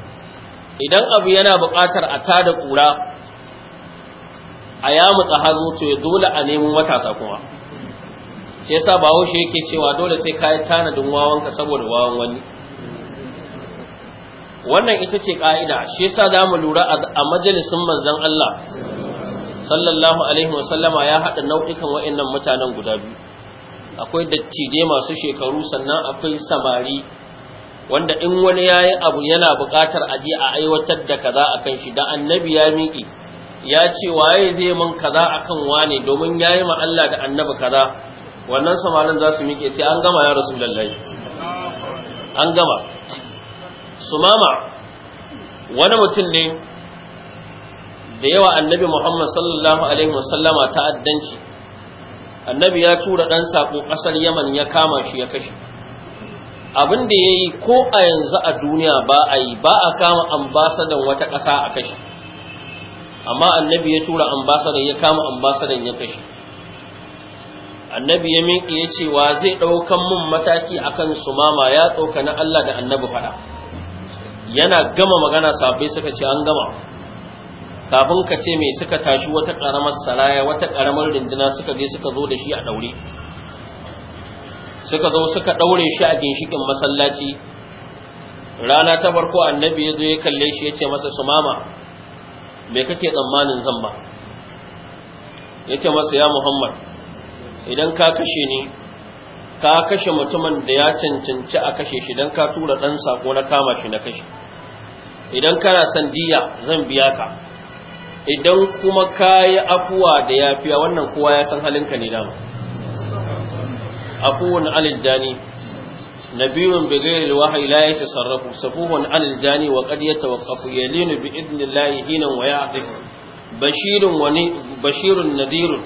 idan abu yana buƙatar a tada ƙura a yamutsa hazo to ya dole a nemo matasa kuma sai sa bawo shi yake cewa dole sai ka yi tanadin wawanka saboda wawan wani wannan ita ce ƙa'ida shi yasa da mu lura a majalisun Manzan Allah sallallahu alaihi wasallama ya haɗa nau'ikan wa’in mutanen guda biyu akwai dattijai masu shekaru sannan akwai samari wanda in wani ya yi abu yana buƙatar a je a aiwatar da kaza akan shi da annabi ya miƙi ya ce waye zai man kaza akan wane domin yayi yi Allah da annabi kaza wannan samarin za su miƙe sai an gama ya rasu lallai, an gama sumama wani mutum ne da yawa annabi muhammad sallallahu alaihi wasallama ta'addanci annabi ya tura ɗan saƙo ƙasar yaman ya kama shi ya kashe abin da ya yi ko a yanzu a duniya ba a yi ba a kama ambasadan wata ƙasa a kashe amma annabi ya tura ambasadan ya kama ambasadan ya kashe annabi ya miƙe ya ce wa zai ɗaukan mun mataki akan sumama ya ɗauka na Allah da annabi faɗa yana gama magana sabai suka ce an gama kafin ka ce mai suka tashi wata karamar saraya wata karamar rinduna suka je suka zo da shi a daure suka zo suka daure shi a ginshikin masallaci rana ta farko annabi ya zo ya kalle shi ya ce masa su mama me kake tsammanin zan ba ya ce masa ya muhammad idan ka kashe ni ka kashe mutumin da ya cancanci a kashe shi don ka tura ɗan sako na kama shi na kashe idan kana son diya zan biya ka idan kuma ka yi afuwa da fiya wannan kowa ya san halinka ne dama afuwan aliljani nabiyun bigayar wahayi la ya tasarrafu safuwan aliljani wa qad yatawaqafu yalinu bi idnillahi hinan wa ya'tif bashirun wani bashirun nadirun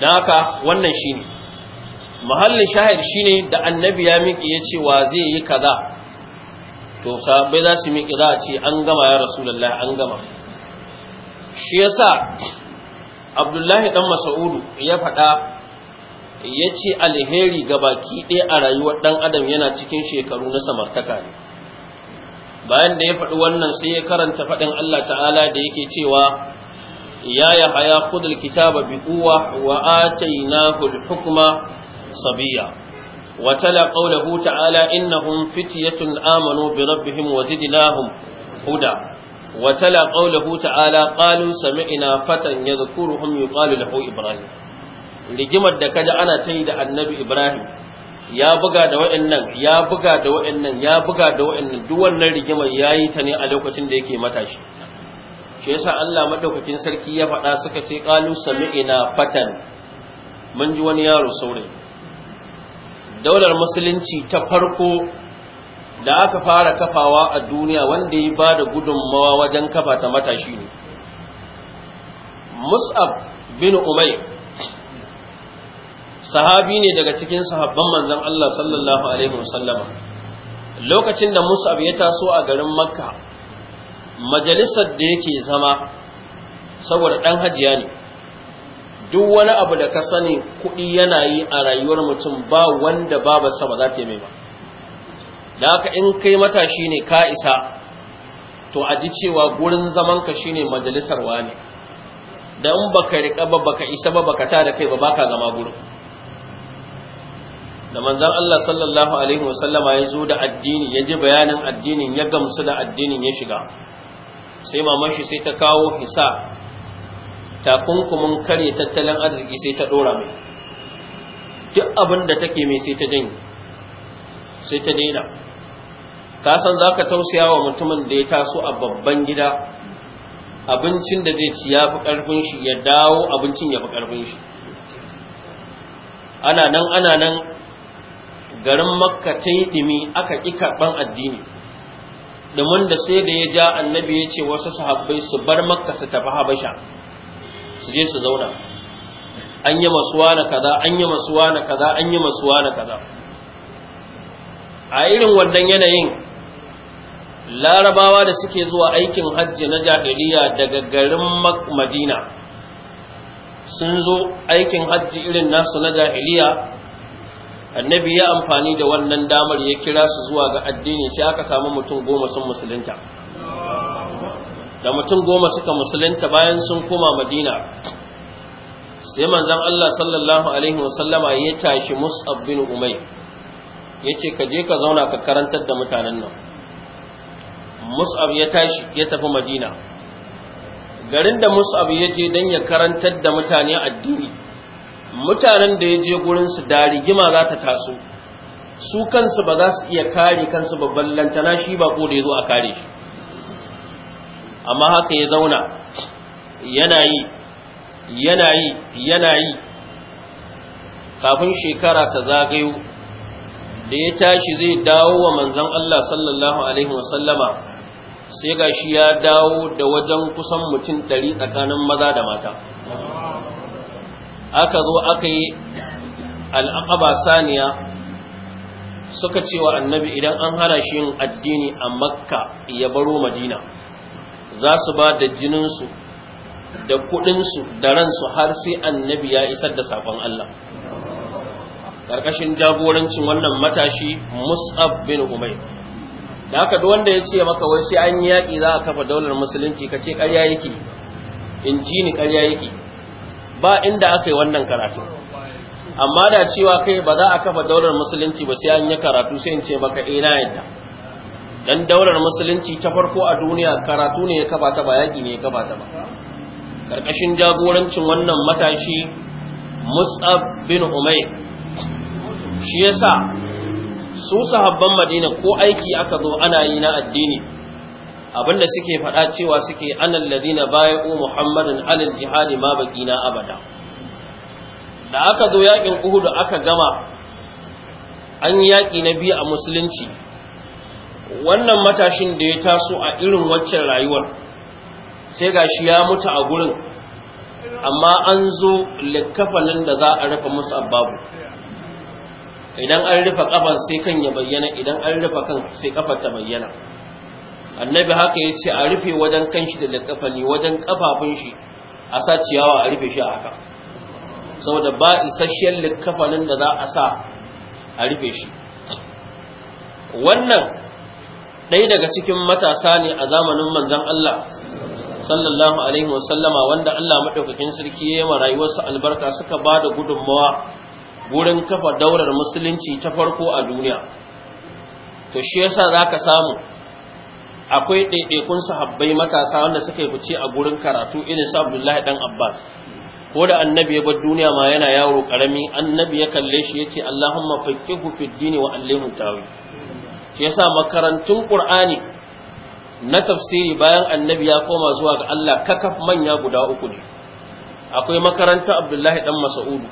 da haka wannan shine mahallin shahid shine da annabi ya miƙi ya ce wa zai yi kaza to sahabbai za su miƙi za a ce an gama ya rasulullahi an gama shi yasa abdullahi dan Masa'udu ya faɗa ya ce alheri ga baki ɗaya a rayuwar ɗan adam yana cikin shekaru na samartaka ne bayan da ya faɗi wannan sai ya karanta faɗin Allah ta'ala da yake cewa ya yahaya haya kitaba bi kuwa wa atainahu al-hukma صبيا وتلا قوله تعالى إنهم فتية آمنوا بربهم وزدناهم هدى وتلا قوله تعالى قالوا سمعنا فتى يذكرهم يقال له إبراهيم لجمع da kaji تيد النبي yi ya buga da wa'annan ya buga da wa'annan ya buga da wa'annan duk wannan rigimar yayi ta ne a lokacin da yake matashi shi yasa Allah madaukakin sarki ya faɗa suka ce qalu sami'na fatan mun ji wani yaro saurayi daular musulunci ta farko da aka fara kafawa a duniya wanda ya ba da gudunmawa wajen kafa ta matashi ne mus'ab bin umay sahabi ne daga cikin sahabban manzon Allah sallallahu alaihi wasallama lokacin da mus'ab ya taso a garin makka majalisar da yake zama saboda dan hajiya ne duk wani abu da ka sani kuɗi yana yi a rayuwar mutum ba wanda babarsa ba za ta yi ba da haka in kai matashi ne ka isa to a ji cewa gurin zamanka shine majalisar wani don baka riƙa ba baka isa ba baka ta da kai ba baka zama gurin da manzon Allah sallallahu alaihi wasallama ya zo da addini ya ji bayanin addinin ya gamsu da addinin ya shiga sai mamashi sai ta kawo hisa takunkumin kare tattalin arziki sai ta dora mai duk abin da take mai sai ta sai ta daina ka san za ka tausaya wa mutumin da ya taso a babban gida abincin da zai ci ya fi ƙarfin shi ya dawo abincin ya fi ƙarfin shi ana nan ana nan garin makka ta yi ɗimi aka ƙi karɓar addini domin da sai da ya ja annabi ya ce wasu sahabbai su bar makka su tafi habasha su je su zauna an yi masuwa na kaza an yi masuwa na kaza an yi masuwa na kaza a irin wannan yanayin larabawa da suke zuwa aikin hajji na jahiliya daga garin madina sun zo aikin hajji irin nasu na jahiliya annabi ya amfani da wannan damar ya kira su zuwa ga addini sai aka samu mutum goma sun musulunta da mutum goma suka musulunta bayan sun koma madina sai manzon Allah sallallahu alaihi wasallama ya tashi Mus'ab bin ya ce ka je ka zauna ka karantar da mutanen nan Mus'ab ya tashi ya tafi Madina garin da Mus'ab ya je dan ya karantar da mutane addini mutanen da ya je gurin su da rigima za ta taso su kansu ba za su iya kare kansu babban lantana shi ba ko da yazo a kare shi amma haka ya zauna yana yi yana yi yana yi kafin shekara ta zagayo da ya tashi zai dawo wa manzan Allah sallallahu alaihi wasallama sai shi ya dawo da wajen kusan mutum ɗari tsakanin maza da mata aka zo aka yi al'aba saniya suka cewa annabi idan an hana shi yin addini a makka ya baro madina za su ba da jininsu da kudinsu da ransu har sai annabi ya isar da sakon Allah ƙarƙashin jagorancin wannan matashi mus'ab bin umair da haka duk wanda ya ce maka wai sai an yaƙi za a kafa daular musulunci ka ce ƙarya yake in ji ni ƙarya yake ba inda aka yi wannan karatu amma da cewa kai ba za a kafa daular musulunci ba sai an yi karatu sai in ce maka ina eh, yadda dan daular musulunci ta farko a duniya karatu ne ya kafa ta ba yaƙi ne ya kafa ta ba karkashin jagorancin wannan matashi mus'ab bin umair shi yasa su sahabban madina ko aiki aka zo ana yi na addini abinda suke faɗa cewa suke anan ladina Muhammadu muhammadin Ali jihadi ma na abada da aka zo yakin uhud aka gama an yaƙi na biyu a musulunci wannan matashin da ya taso a irin waccan rayuwar sai ga shi ya mutu a gurin amma an zo likafanin da za a rufe musu ababu idan an rufe kafan sai kan ya bayyana idan an rufe kan sai kafar ta bayyana annabi haka ya ce a rufe wajen kan shi da likafani wajen kafafun shi a sa ciyawa a rufe shi a haka saboda ba isasshen likafanin da za a sa a rufe shi wannan ɗaya daga cikin matasa ne a zamanin manzon Allah sallallahu alaihi wasallama wanda Allah madaukakin sarki ya yi rayuwarsa albarka suka ba da gudunmawa wurin kafa daular musulunci ta farko a duniya to shi yasa zaka samu akwai ɗaiɗaikun sahabbai matasa wanda suka yi fice a gurin karatu irin sa Abdullahi dan Abbas ko da annabi ya bar duniya ma yana yaro karami annabi ya kalle shi yace Allahumma fakkihu fid dini wa allimhu tawil shi yasa makarantun qur'ani na tafsiri bayan annabi ya koma zuwa ga Allah kakaf manya guda uku ne akwai makaranta Abdullahi dan Mas'udu?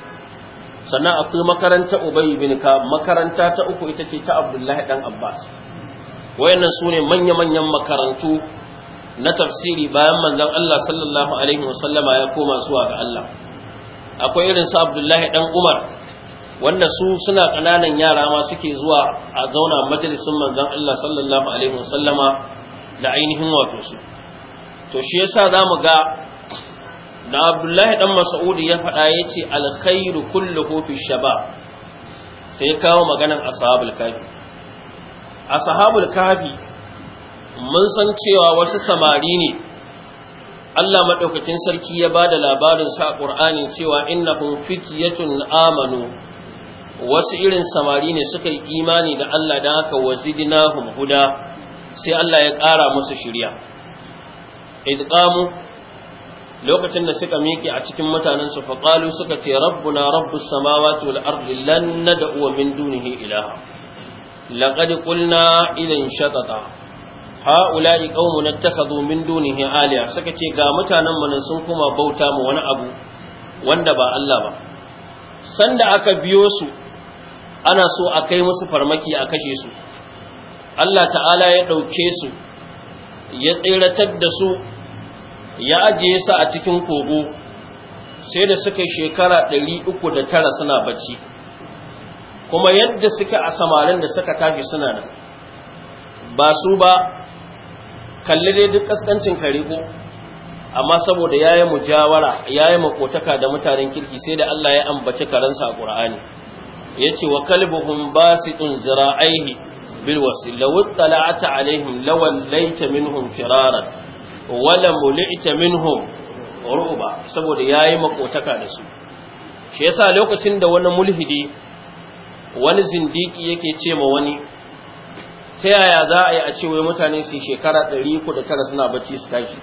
sannan akwai makaranta Ubay bin Ka makaranta ta uku ita ce ta Abdullahi dan Abbas wayannan sune manya manyan makarantu na tafsiri bayan manzon Allah sallallahu alaihi wasallama ya koma zuwa ga Allah akwai irin sa Abdullahi dan Umar wanda su suna ƙananan yara ma suke zuwa a zauna majalisun manzon Allah sallallahu alaihi wasallama da ainihin wato su to shi yasa zamu ga da Abdullahi dan Mas'udi ya faɗa yace alkhairu kulluhu fi shabab sai kawo maganan ashabul kafi ashabul kafi mun san cewa wasu samari ne Allah madaukakin sarki ya bada labarin sa Qur'ani cewa innahum fityatun amanu wasu irin samari ne suka yi imani da Allah don haka wazidnahum huda sai Allah ya ƙara musu shirya idqamu lokacin da suka miƙe a cikin mutanen su faƙalu suka ce rabbuna Rabbu Samawa wal ardi lan nad'u min dunihi ilaha laqad ƙulna idan shatata ha'ula'i na ittakhadhu min dunihi aliya suka ce ga mutanen mu sun kuma bauta mu wani abu wanda ba Allah ba sanda aka biyo su ana so a kai musu farmaki a kashe su Allah ta'ala ya ɗauke su ya tseratar da su ya ajiye su a cikin kogo sai da suka shekara 309 suna bacci kuma yadda suka a samarin da suka tafi suna nan ba su ba kalli dai duk kaskancin kare ko amma saboda yayi mujawara yi makotaka da mutanen kirki sai da Allah ya ambaci karansa a Qur'ani yace wa kalbuhum basitun zira'aihi bil wasil law tala'ata alaihim law laita minhum firaran lam li'ta minhum ruba saboda yayi makotaka da su shi yasa lokacin da wani mulhidi wani zindiki yake ce ma wani ta yaya za a yi a cewa mutane su shekara 109 suna bacci su tashi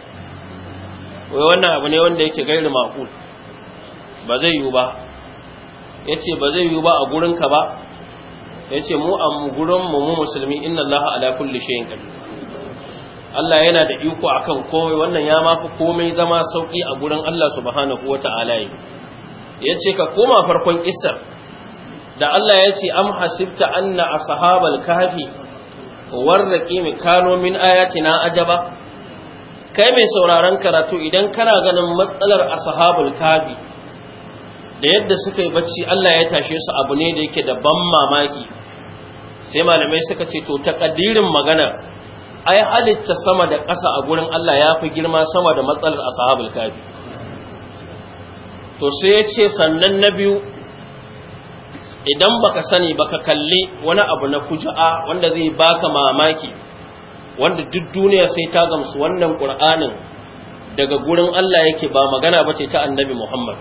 wai wannan abu ne wanda yake gairi makul? ba zai yiwu ba Ya ce ba zai yi ba a gurin ka ba ce mu a gurin mu mu musulmi inna allaha ala kulli shay'in qadir Allah yana da iko akan komai wannan ya mafi komai zama sauki a gurin Allah subhanahu wata'ala ce ka koma farkon kissar da Allah ya ce am hasibta anna ashabal kahfi warraƙi kano min ayati na ajaba kai mai sauraron karatu idan kana ganin matsalar ashabul kafi da yadda suka yi bacci Allah ya tashe su abu ne da yake da ban mamaki sai malamai suka ce to ta takaddirin magana ai halitta sama da ƙasa a gurin Allah ya fi girma sama da matsalar ashabul kafi to sai ya ce sannan na biyu idan baka sani baka kalli wani abu na kuja'a wanda zai baka mamaki wanda duk duniya sai ta gamsu wannan qur'anin daga gurin Allah yake ba magana ba ce ta annabi Muhammad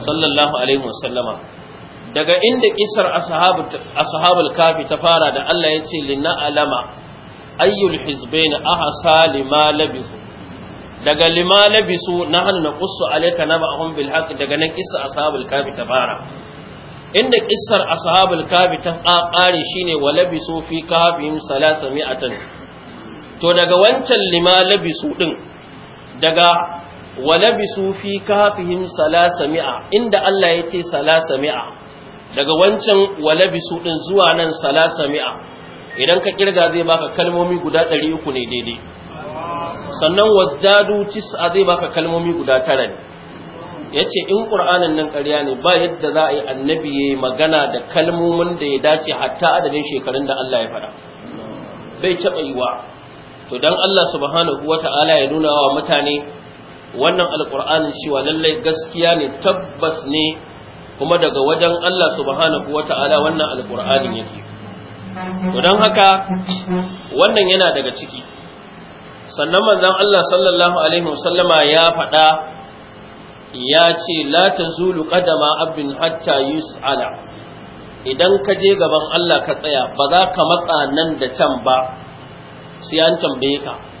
sallallahu alaihi wasallama daga inda kisar ashabul kafi ta fara da Allah ya ce lina alama ayyul hizbain ahsa lima labisu daga lima labisu nahnu naqussu alayka nabahum bil haqq daga nan kisar ashabul kafi ta fara inda kisar ashabul kafi ta kare shine walabisu fi kafihim salasami'atan to daga wancan lima labisu din daga su fi kafihim salasami'a inda Allah ya ce salasami'a daga wancan walabisu din zuwa nan salasami'a idan ka ƙirga zai baka kalmomi guda 300 ne daidai sannan wasdadu tis'a zai baka kalmomi guda tara ne yace in qur'anin nan ƙarya ne ba yadda za a yi annabi yayi magana da kalmomin da ya dace hatta adadin shekarun da Allah ya faɗa bai taɓa yiwa to dan Allah subhanahu ta'ala ya nuna wa mutane wannan alƙur'anin cewa lallai gaskiya ne tabbas ne kuma daga wajen Allah subhanahu wata'ala wannan alƙur'anin yake to don haka wannan yana daga ciki sannan manzon Allah sallallahu alaihi wasallama ya faɗa ya ce la tazulu qadama abin hatta yus'ala idan ka je gaban Allah ka tsaya ba za ka matsa nan da can ba sai an tambaye ka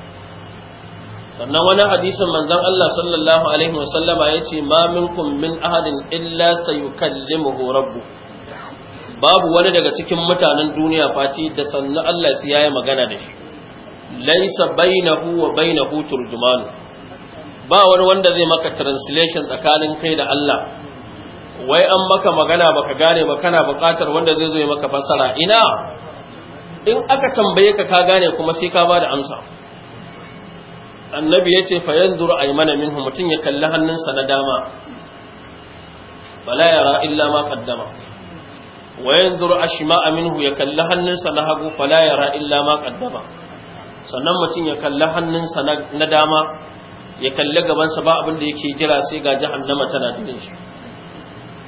sannan wani hadisin manzon Allah sallallahu alaihi wasallama ce, ma minkum min ahadin illa sayukallimuhu rabbu babu wani daga cikin mutanen duniya Fati da sannan Allah sai yayi magana da shi laysa bainahu wa bainahu turjuman ba wani wanda zai maka translation tsakanin kai da Allah wai an maka magana baka gane ba kana buƙatar wanda zai zo maka fasara ina in aka tambaye ka ka gane kuma sai ka ba da amsa annabi ya ce fayan duru mana minhu mutum ya kalli hannunsa na dama fala yara illa ma qaddama wayan duru ashma'a minhu ya kalli hannunsa na hagu fala yara illa ma kaddama. sannan mutum ya kalli hannunsa na dama ya kalli gabansa ba abin da yake jira sai ga jahannama tana dinin shi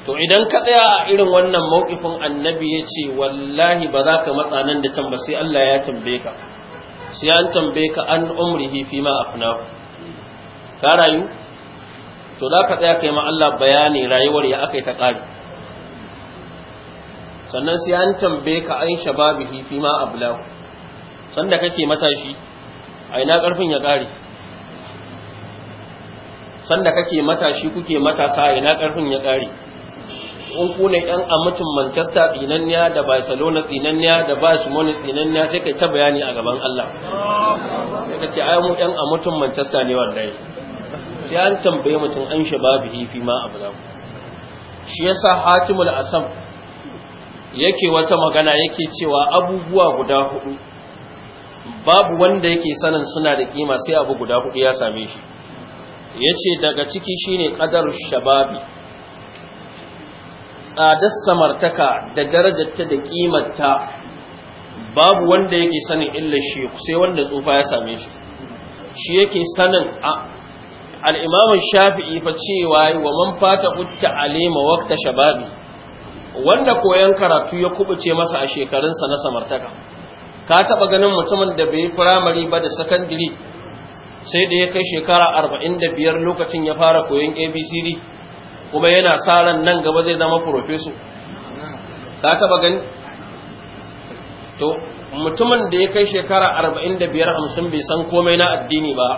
to idan ka tsaya a irin wannan mawkifin annabi ya ce wallahi ba za ka matsa nan da can ba sai Allah ya tambaye ka sai an tambaye ka an umrihi fi ma afna ka rayu to za ka tsaya kai ma Allah bayani rayuwar ya aka yi ta ƙari sannan sai an tambaye ka an shababihi fi ma ablahu sanda kake matashi a ina ƙarfin ya ƙare sanda kake matashi kuke matasa a ina ƙarfin ya ƙare in ku ne yan amincin Manchester tsinanniya da Barcelona tsinanniya da Bayern Munich tsinanniya sai kai ta bayani a gaban Allah sai ka ce ai mu yan amincin Manchester ne wallahi sai an tambaye mutum an babu hifi ma abu da shi yasa Hatimul Asam yake wata magana yake cewa abubuwa guda hudu babu wanda yake sanin suna da kima sai abu guda hudu ya same shi yace daga ciki shine ƙadar shababi tsadar samartaka da darajarta da ƙimata babu wanda yake sanin illa shi sai wanda tsufa ya same shi shi yake sanin A. al'imamu shafi'i fa cewa wa man fata utta alima wakta shababi wanda koyon karatu ya kubuce masa a shekarunsa na samartaka ka taɓa ganin mutumin da bai yi firamare ba da sakandiri sai da ya kai shekara arba'in da biyar lokacin ya fara koyon abcd kuma yana saran nan gaba zai zama profeso ka taba gani to mutumin da ya kai shekara arba'in da bai san komai na addini ba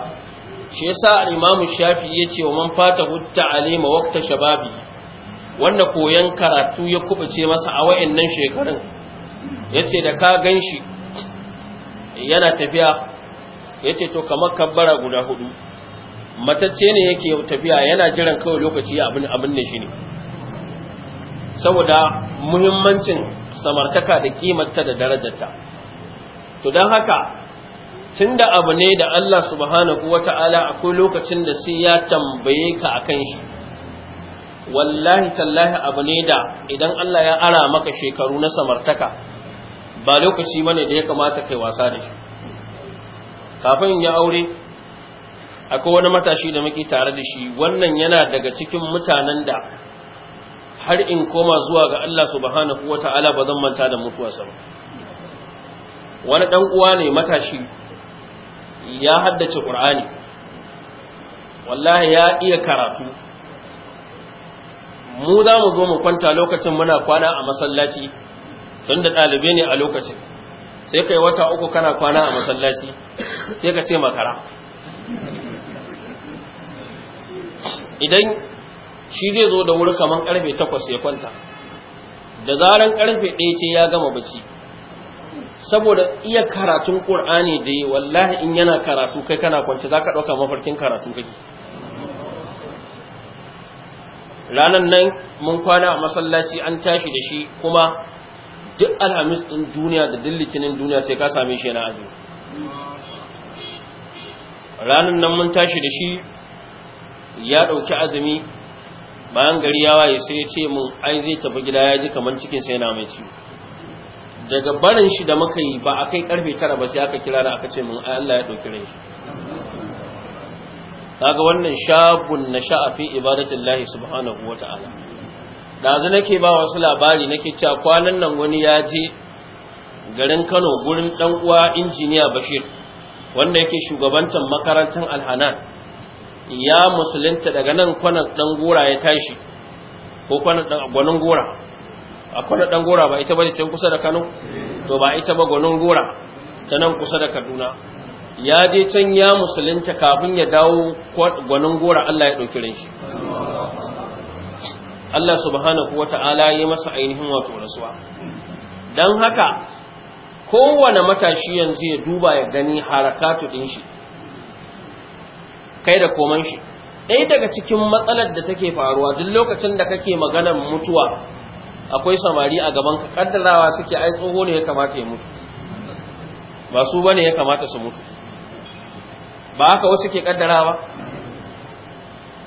shi yasa al-imamu shafi ya ce wa man fata hutta alima wakta shababi wanda koyan karatu ya kubuce masa a wayannan shekarun yace da ka ganshi yana tafiya yace to kamar kabbara guda hudu matacce ne yake tafiya yana jiran kawai lokaci abin abin ne shi ne saboda muhimmancin samartaka da kimarta da darajarta to don haka tunda abu ne da Allah subhanahu wata'ala akwai lokacin da sai ya tambaye ka akan shi wallahi tallahi abu ne da idan Allah ya ara maka shekaru na samartaka ba lokaci bane da ya kamata kai wasa da shi kafin ya aure akwai wani matashi da muke tare da shi wannan yana daga cikin mutanen da har in koma zuwa ga Allah subhanahu wata'ala ba zan manta da mutuwarsa ba wani dan uwa ne matashi ya haddace Qur'ani wallahi ya iya karatu mu za mu zo mu kwanta lokacin muna kwana a masallaci tunda ɗalibai ne a lokacin sai kai wata uku kana kwana a masallaci sai ka ce makara idan shi zai zo da wuri kamar karfe takwas ya kwanta da zaran karfe ɗaya ce ya gama bacci saboda iya karatun ƙur'ani da yi wallahi in yana karatu kai kana kwance za ka ɗauka mafarkin karatu kake ranar nan mun kwana a masallaci an tashi da shi kuma duk alhamis ɗin duniya da duk litinin duniya sai ka same shi yana azumi ranar nan mun tashi da shi ya ɗauki azumi bayan gari ya waye sai ya ce mun ai zai tafi gida ya ji kamar cikin sai na mai ciwo daga barin shi da muka yi ba a kai karfe tara ba sai aka kira da aka ce mun ai Allah ya ɗauki rai kaga wannan shabun na sha'afi ibadatillahi subhanahu wata'ala nake ba wasu labari nake cewa kwanan nan wani ya je garin Kano gurin dan uwa injiniya Bashir wanda yake shugabantar makarantar Alhanan ya musulunta daga nan kwanan ɗan gora ya tashi ko kwanan ɗan gwanin gora a kwanan ɗan gora ba ita ba can kusa da kano to ba ita ba gwanin gora ta nan kusa da kaduna ya je can ya musulunta kafin ya dawo gwanin gora allah ya ɗauki ran shi allah subhanahu wa ta'ala ya masa ainihin wato rasuwa don haka kowane matashi yanzu ya duba ya gani harakatu ɗin shi kai da koman shi ɗaya daga cikin matsalar da take faruwa duk lokacin da kake maganar mutuwa akwai samari a gaban ka kaddarawa suke ai tsoho ne ya kamata ya mutu ba su bane ya kamata su mutu ba haka wasu ke kaddarawa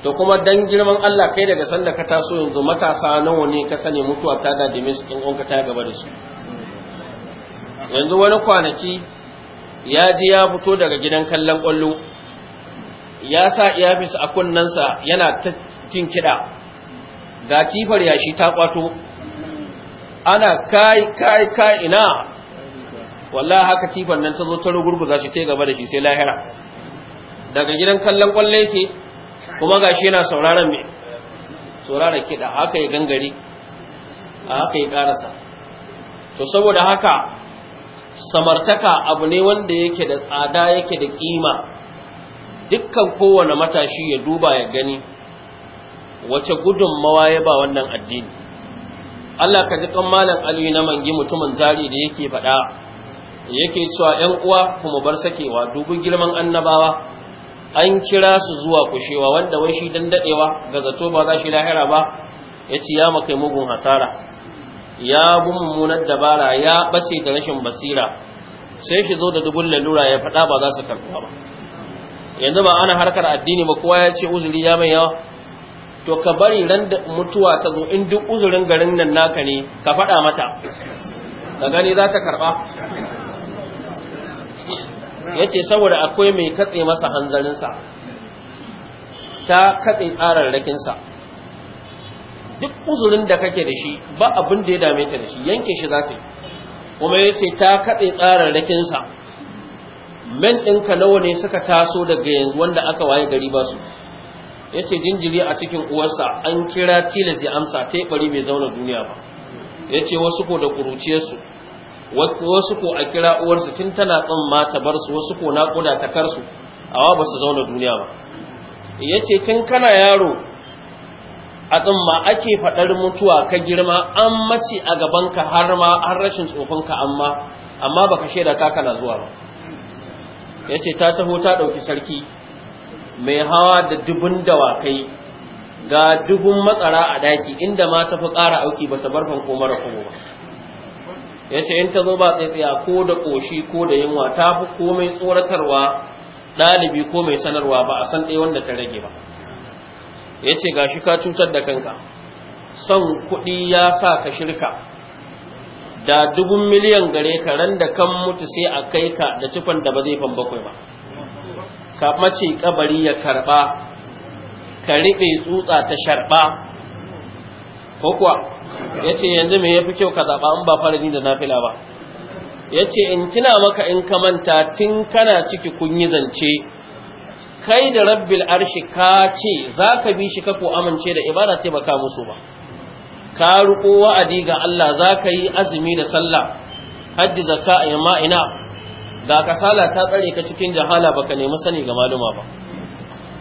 to kuma dan girman Allah kai daga sanda ka taso yanzu matasa nawa ne ka sani mutuwa ta da dimis din onka ta gaba da su yanzu wani kwanaki ya ji ya fito daga gidan kallon kwallo ya sa iyafis a kunnensa yana ta jin kiɗa ga kifar yashi ta kwato ana kai kai kai ina wallah haka kifar nan ta zo ta za shi ta gaba da shi sai lahira daga gidan kallon kwallo yake kuma ga shi yana sauraron mai sauraron kiɗa haka ya gangare a haka ya karasa to saboda haka samartaka abu ne wanda yake da tsada yake da kima dukkan kowane matashi ya duba ya gani wace mawa ya ba wannan addini Allah ka ji kan malam Ali na mangi mutumin zari da yake faɗa yake cewa 'yan uwa kuma bar sakewa dubu girman annabawa an kira su zuwa kushewa wanda wai shi dan dadewa ga zato ba za shi lahira ba yace ya makai mugun hasara ya bu mummunar dabara ya bace da rashin basira sai shi zo da dubun lalura ya faɗa ba za su karɓa ba yanzu ba ana harkar addini ba kowa ya ce uzuri ya mai yawa to ka bari ran da mutuwa ta zo in duk uzurin garin nan naka ne ka faɗa mata ka gani za ta karɓa ya ce saboda akwai mai katse masa hanzarinsa ta katse tsararrakinsa duk uzurin da kake da shi ba abin da ya dame ta da shi yanke shi za ta yi kuma ya ce ta katse tsararrakinsa men ɗinka nawa ne suka taso daga yanzu wanda aka waye gari ba su ya ce jinjiri a cikin uwarsa an kira tilas ya amsa ta yi ɓari bai zauna duniya ba ya ce wasu ko da ƙuruciyarsu wasu ko a kira uwarsu tun tana ɗin ma ta bar su wasu ko naƙuda ta kar su awa ba su zauna duniya ba Yace ce tun kana yaro a ɗin ma ake faɗar mutuwa ka girma an mace a gabanka har ma har rashin tsofinka amma amma baka shaida ka kana zuwa ba ya ce ta taho ta ɗauki sarki mai hawa da dubun dawakai ga dubun matsara a daki inda ma ta fi ƙara auki ba ta barfan ko mara kuma ba ya ce in ta zo ba tsaitsaya ko da ƙoshi ko da yunwa ta fi komai tsoratarwa ɗalibi ko mai sanarwa ba a san ɗaya wanda ta rage ba ya ce ga shi ka cutar da kanka son kuɗi ya sa ka shirka da dubun miliyan gare ka ran da kan mutu sai a kai ka da tufan da ba zai fan bakwai ba ka mace kabari ya karba ka riɓe tsutsa ta sharba ko kuwa ya ce yanzu me ya fi kyau ka zaɓa in ba farani da nafila ba ya ce in kina maka in ka manta tun kana ciki kun yi zance kai da rabbil arshi ka ce za ka bi shi ka ko amince da ibada ce baka musu ba ka ruko wa'adi ga Allah za ka yi azumi da sallah hajji zakka a yamma ina ga kasala ta tsare ka cikin jahala baka nemi sani ga maluma ba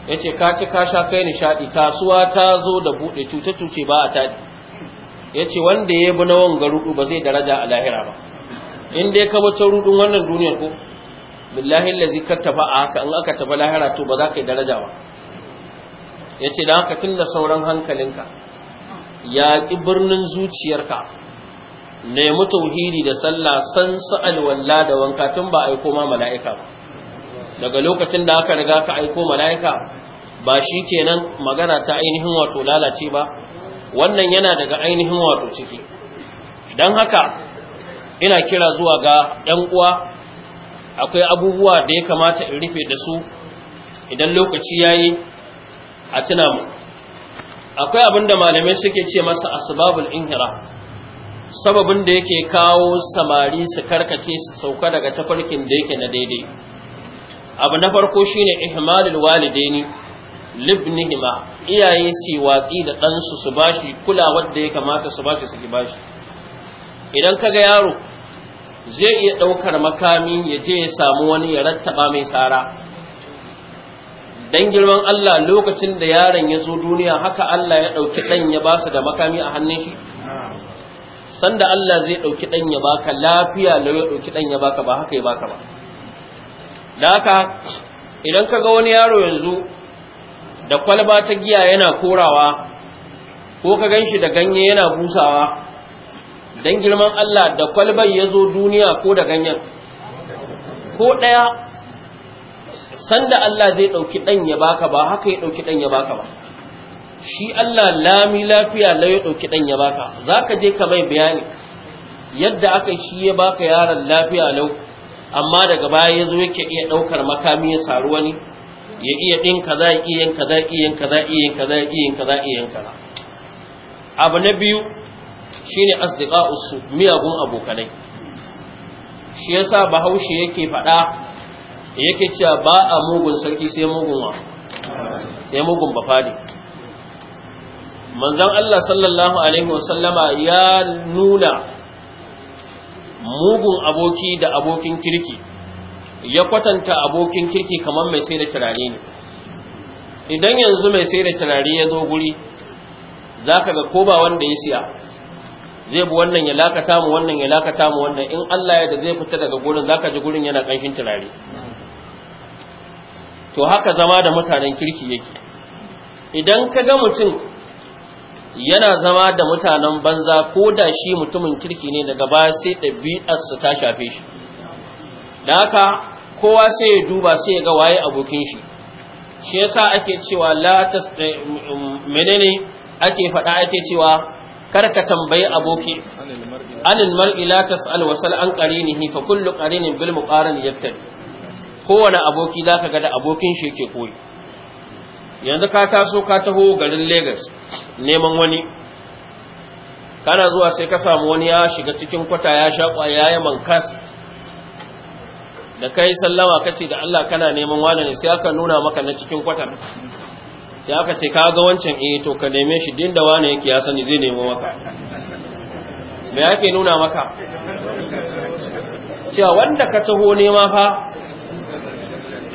yace ka ci ka sha kai nishadi kasuwa ta zo da buɗe cuce cuce ba a tadi yace wanda ya bi na wanga rudu ba zai daraja a lahira ba in dai ka bace rudun wannan duniyar ko billahi allazi kattafa a haka in aka tafi lahira to ba za ka yi daraja ba yace dan haka tunda sauran hankalinka Ya yaƙi birnin zuciyarka nemi tauhidi da sallah san sa'al walla da wanka tun ba aiko ma mala'ika ba daga lokacin da aka riga ka aiko mala'ika ba shi kenan magana ta ainihin wato lalace ba wannan yana daga ainihin wato ciki don haka ina kira zuwa ga ɗan uwa akwai abubuwa da ya kamata in rufe da su idan lokaci yayi a tuna akwai abin da malamai suke ce masa asbabul inhira sababin da yake kawo samari su karkace su sauka daga tafarkin da yake na daidai abu na farko shine ihmalul walidaini libnihima iyaye su watsi da ɗansu su bashi kula da ya kamata su bashi su bashi idan kaga yaro zai iya ɗaukar makami ya je ya samu wani ya rattaba mai sara dan girman Allah lokacin da yaron ya zo duniya haka Allah ya ɗauki ɗan ya ba da makami a hannun shi sanda Allah zai ɗauki ɗan ya baka lafiya lau ya ɗauki ɗan ya baka ba haka ya baka ba da haka idan ka ga wani yaro yanzu da kwalba ta giya yana korawa ko ka gan shi da ganye yana busawa dan girman Allah da kwalbar ya zo duniya ko da ganyen ko ɗaya sanda Allah zai ɗauki ɗan ya baka ba haka ya ɗauki ɗan ya baka ba shi Allah lami lafiya la ya ɗauki ɗan ya baka za ka je ka mai bayani yadda aka shi ya baka yaron lafiya lau amma daga baya ya zo yake iya ɗaukar makami ya saru wani ya iya ɗin kaza ya iya kaza iya kaza iya kaza iya kaza iya kaza abu na biyu shine asdiqa usu miyagun abokanai shi yasa bahaushe yake faɗa yake cewa ba a mugun sarki sai mugun wa sai mugun bafadi manzon Allah sallallahu alaihi wasallama ya nuna mugun aboki da abokin kirki ya kwatanta abokin kirki kamar mai sai da turare ne idan yanzu mai sai da turare ya zo guri za ka ga ko ba wanda ya siya zai bu wannan ya lakata mu wannan ya lakata mu wannan in Allah ya da zai fita daga gurin za ka ji gurin yana ƙanshin turare to haka zama da mutanen kirki yake idan ka ga mutum yana zama da mutanen banza ko da shi mutumin kirki ne daga baya sai ɗabi'arsa ta shafe shi da haka kowa sai ya duba sai ya ga waye abokin shi shi yasa ake cewa la tas eh, mm, menene ake faɗa ake cewa kar ka tambayi aboki anil mar'i la tas'al wa sal an qarinihi fa kullu qarinin bil muqarin yaftari kowane aboki za ka ga da abokin shi ke koyi yanzu ka taso ka taho garin Legas neman wani kana zuwa sai ka samu wani ya shiga cikin kwata ya shaƙwa ya yi mankas da ka yi sallama ka ce da Allah kana neman wani ne sai aka nuna maka na cikin kwata sai aka ce ka ga wancan eh to ka neme shi din da wani yake ya sani zai nemo maka me ake nuna maka cewa wanda ka taho nema fa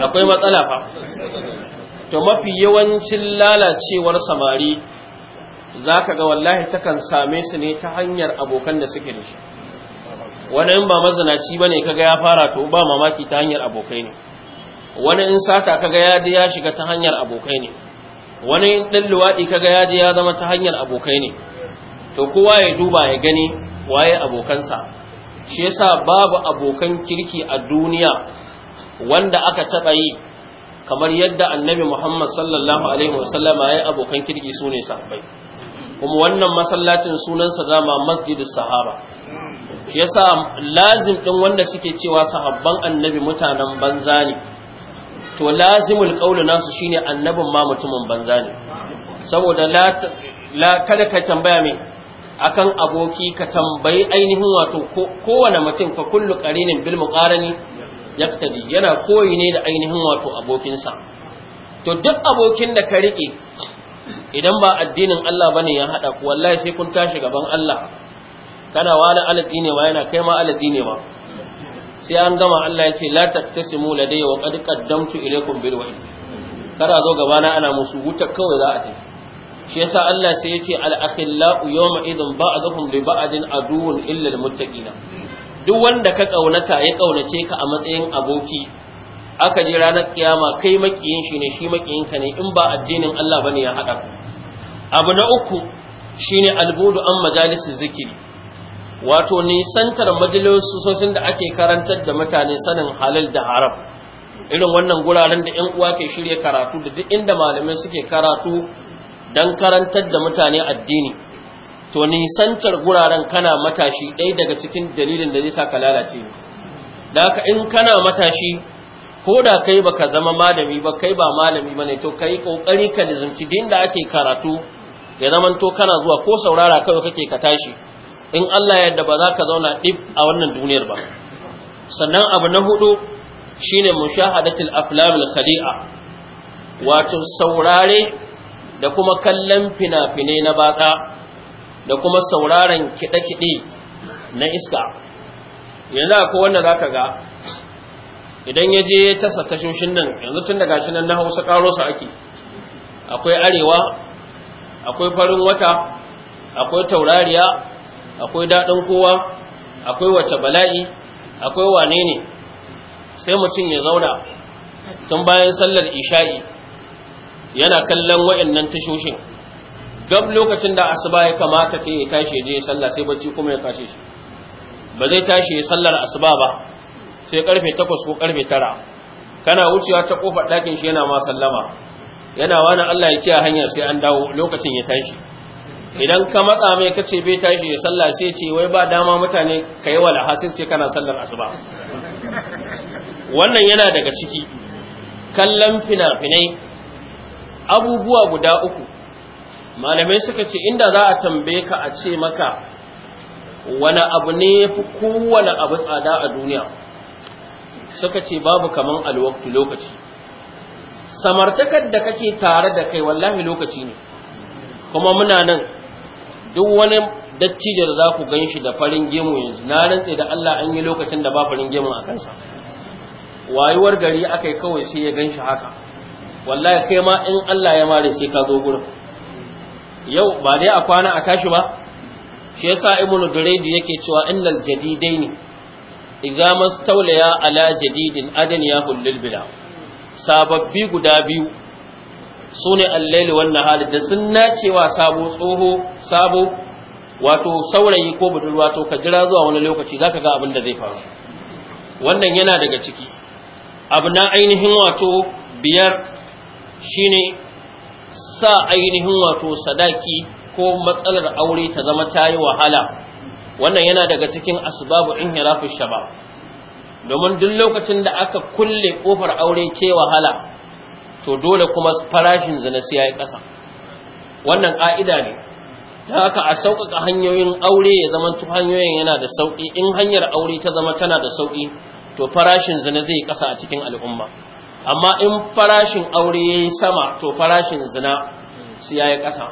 akwai matsala fa to mafi yawancin lalacewar samari za ka ga wallahi takan same su ne ta hanyar abokan da suke da shi wani in ba mazinaci ba ne kaga ya fara to ba mamaki ta hanyar abokai ne wani in sata kaga ya ya shiga ta hanyar abokai ne wani in ɗan luwaɗi kaga ya ya zama ta hanyar abokai ne to kowa ya duba ya gani waye abokansa shi yasa babu abokan kirki a duniya wanda aka taɓa yi kamar yadda annabi Muhammad sallallahu alaihi wasallama ya abokan kirki sune sahabbai kuma wannan masallacin sunansa zama masjidus sahaba shi yasa lazim din wanda suke cewa sahabban annabi mutanen banza ne to lazimul qaulu nasu shine annabin ma mutumin banza ne saboda la kada ka tambaya me akan aboki ka tambayi ainihin wato kowane mutum fa kullu qarinin bil muqarani yaqtadi yana koyi ne da ainihin wato abokinsa to duk abokin da ka rike idan ba addinin Allah bane ya haɗa ku wallahi sai kun tashi gaban Allah kana wani aladi ne ba yana kai ma aladi ne ba sai an gama Allah ya ce la taktasimu ladayya wa qad qaddamtu ilaykum bil wa'id kada zo gabana ana musu wuta kawai za a tafi shi yasa Allah sai ya ce al akhillau yawma idin ba'dhum li ba'din aduwwun illa al muttaqina duk wanda ka ƙaunata ya ƙaunace ka a matsayin aboki aka je ranar kiyama kai makiyin shi ne shi makiyinka ne in ba addinin Allah bane ya haɗa abu na uku shine albudu an majalisin zikiri wato nisantar majalisosin da ake karantar da mutane sanin halal da haram irin wannan guraren da 'yan uwa ke shirya karatu da duk inda malamai suke karatu don karantar da mutane addini to nisantar guraren kana matashi ɗaya daga cikin dalilin da zai sa ka lalace da haka in kana matashi ko da kai baka zama malami ba kai ba malami bane to kai kokari ka lizinci din da ake karatu ya zaman to kana zuwa ko saurara kai kake ka tashi in Allah yadda yarda ba za ka zauna dib a wannan duniyar ba sannan abu na hudu shine mushahadatul aflamul khali'a wato saurare da kuma kallon fina-finai na baƙa. da kuma sauraron kiɗe-kiɗe na iska yanzu a wanda za ka ga idan ya je ya tasa tashoshin nan yanzu tun daga shi nan na hausa ƙaro su ake akwai arewa akwai farin wata akwai taurariya akwai daɗin kowa akwai wace bala'i akwai wane ne sai mutum ya zauna tun bayan sallar isha'i yana kallon nan tashoshin gab lokacin da asuba ya kamata ta ya tashi je sallah sai bacci kuma ya kashe shi ba zai tashi ya sallar asuba ba sai karfe takwas ko karfe tara. kana wucewa ta kofar ɗakin shi yana ma sallama yana wani Allah ya kiya hanya sai an dawo lokacin ya tashi idan ka matsa mai ka ce bai tashi ya sallah sai ce wai ba dama mutane kai wala hasin sai kana sallar asuba wannan yana daga ciki kallon fina-finai abubuwa guda uku malamai suka ce inda za a tambaye ka a ce maka wani abu ne fi kowane abu tsada a duniya suka ce babu kamar alwaktu lokaci samartakar da kake tare da kai wallahi lokaci ne kuma muna nan duk wani dattijo da za ku gan shi da farin gemu yanzu na rantse da Allah an yi lokacin da ba farin gemu a kansa wayuwar gari akayi kawai sai ya gan shi haka wallahi kai ma in Allah ya mare sai ka zo gurin yau ba dai a kwana a tashi ba shi yasa ibnu durayd yake cewa innal jadidaini idza mastawliya ala jadidin adan ya hulul bila sababbi guda biyu sune al-layl wan nahar da sun nacewa sabo tsoho sabo wato saurayi ko budurwa to ka jira zuwa wani lokaci zaka ga abin da zai faru wannan yana daga ciki abu na ainihin wato biyar shine sa ainihin wato sadaki ko matsalar aure ta zama ta yi wahala wannan yana daga cikin asibabu in rafi shaba domin duk lokacin da aka kulle kofar aure ce wahala to dole kuma farashin zina ya yi ƙasa wannan ƙa'ida ne ta haka a sauƙaƙa hanyoyin aure ya zama tu hanyoyin yana da sauƙi in hanyar aure ta zama tana da sauƙi to farashin zina zai ƙasa a cikin al'umma amma in farashin aure yi sama to farashin zina su yi ƙasa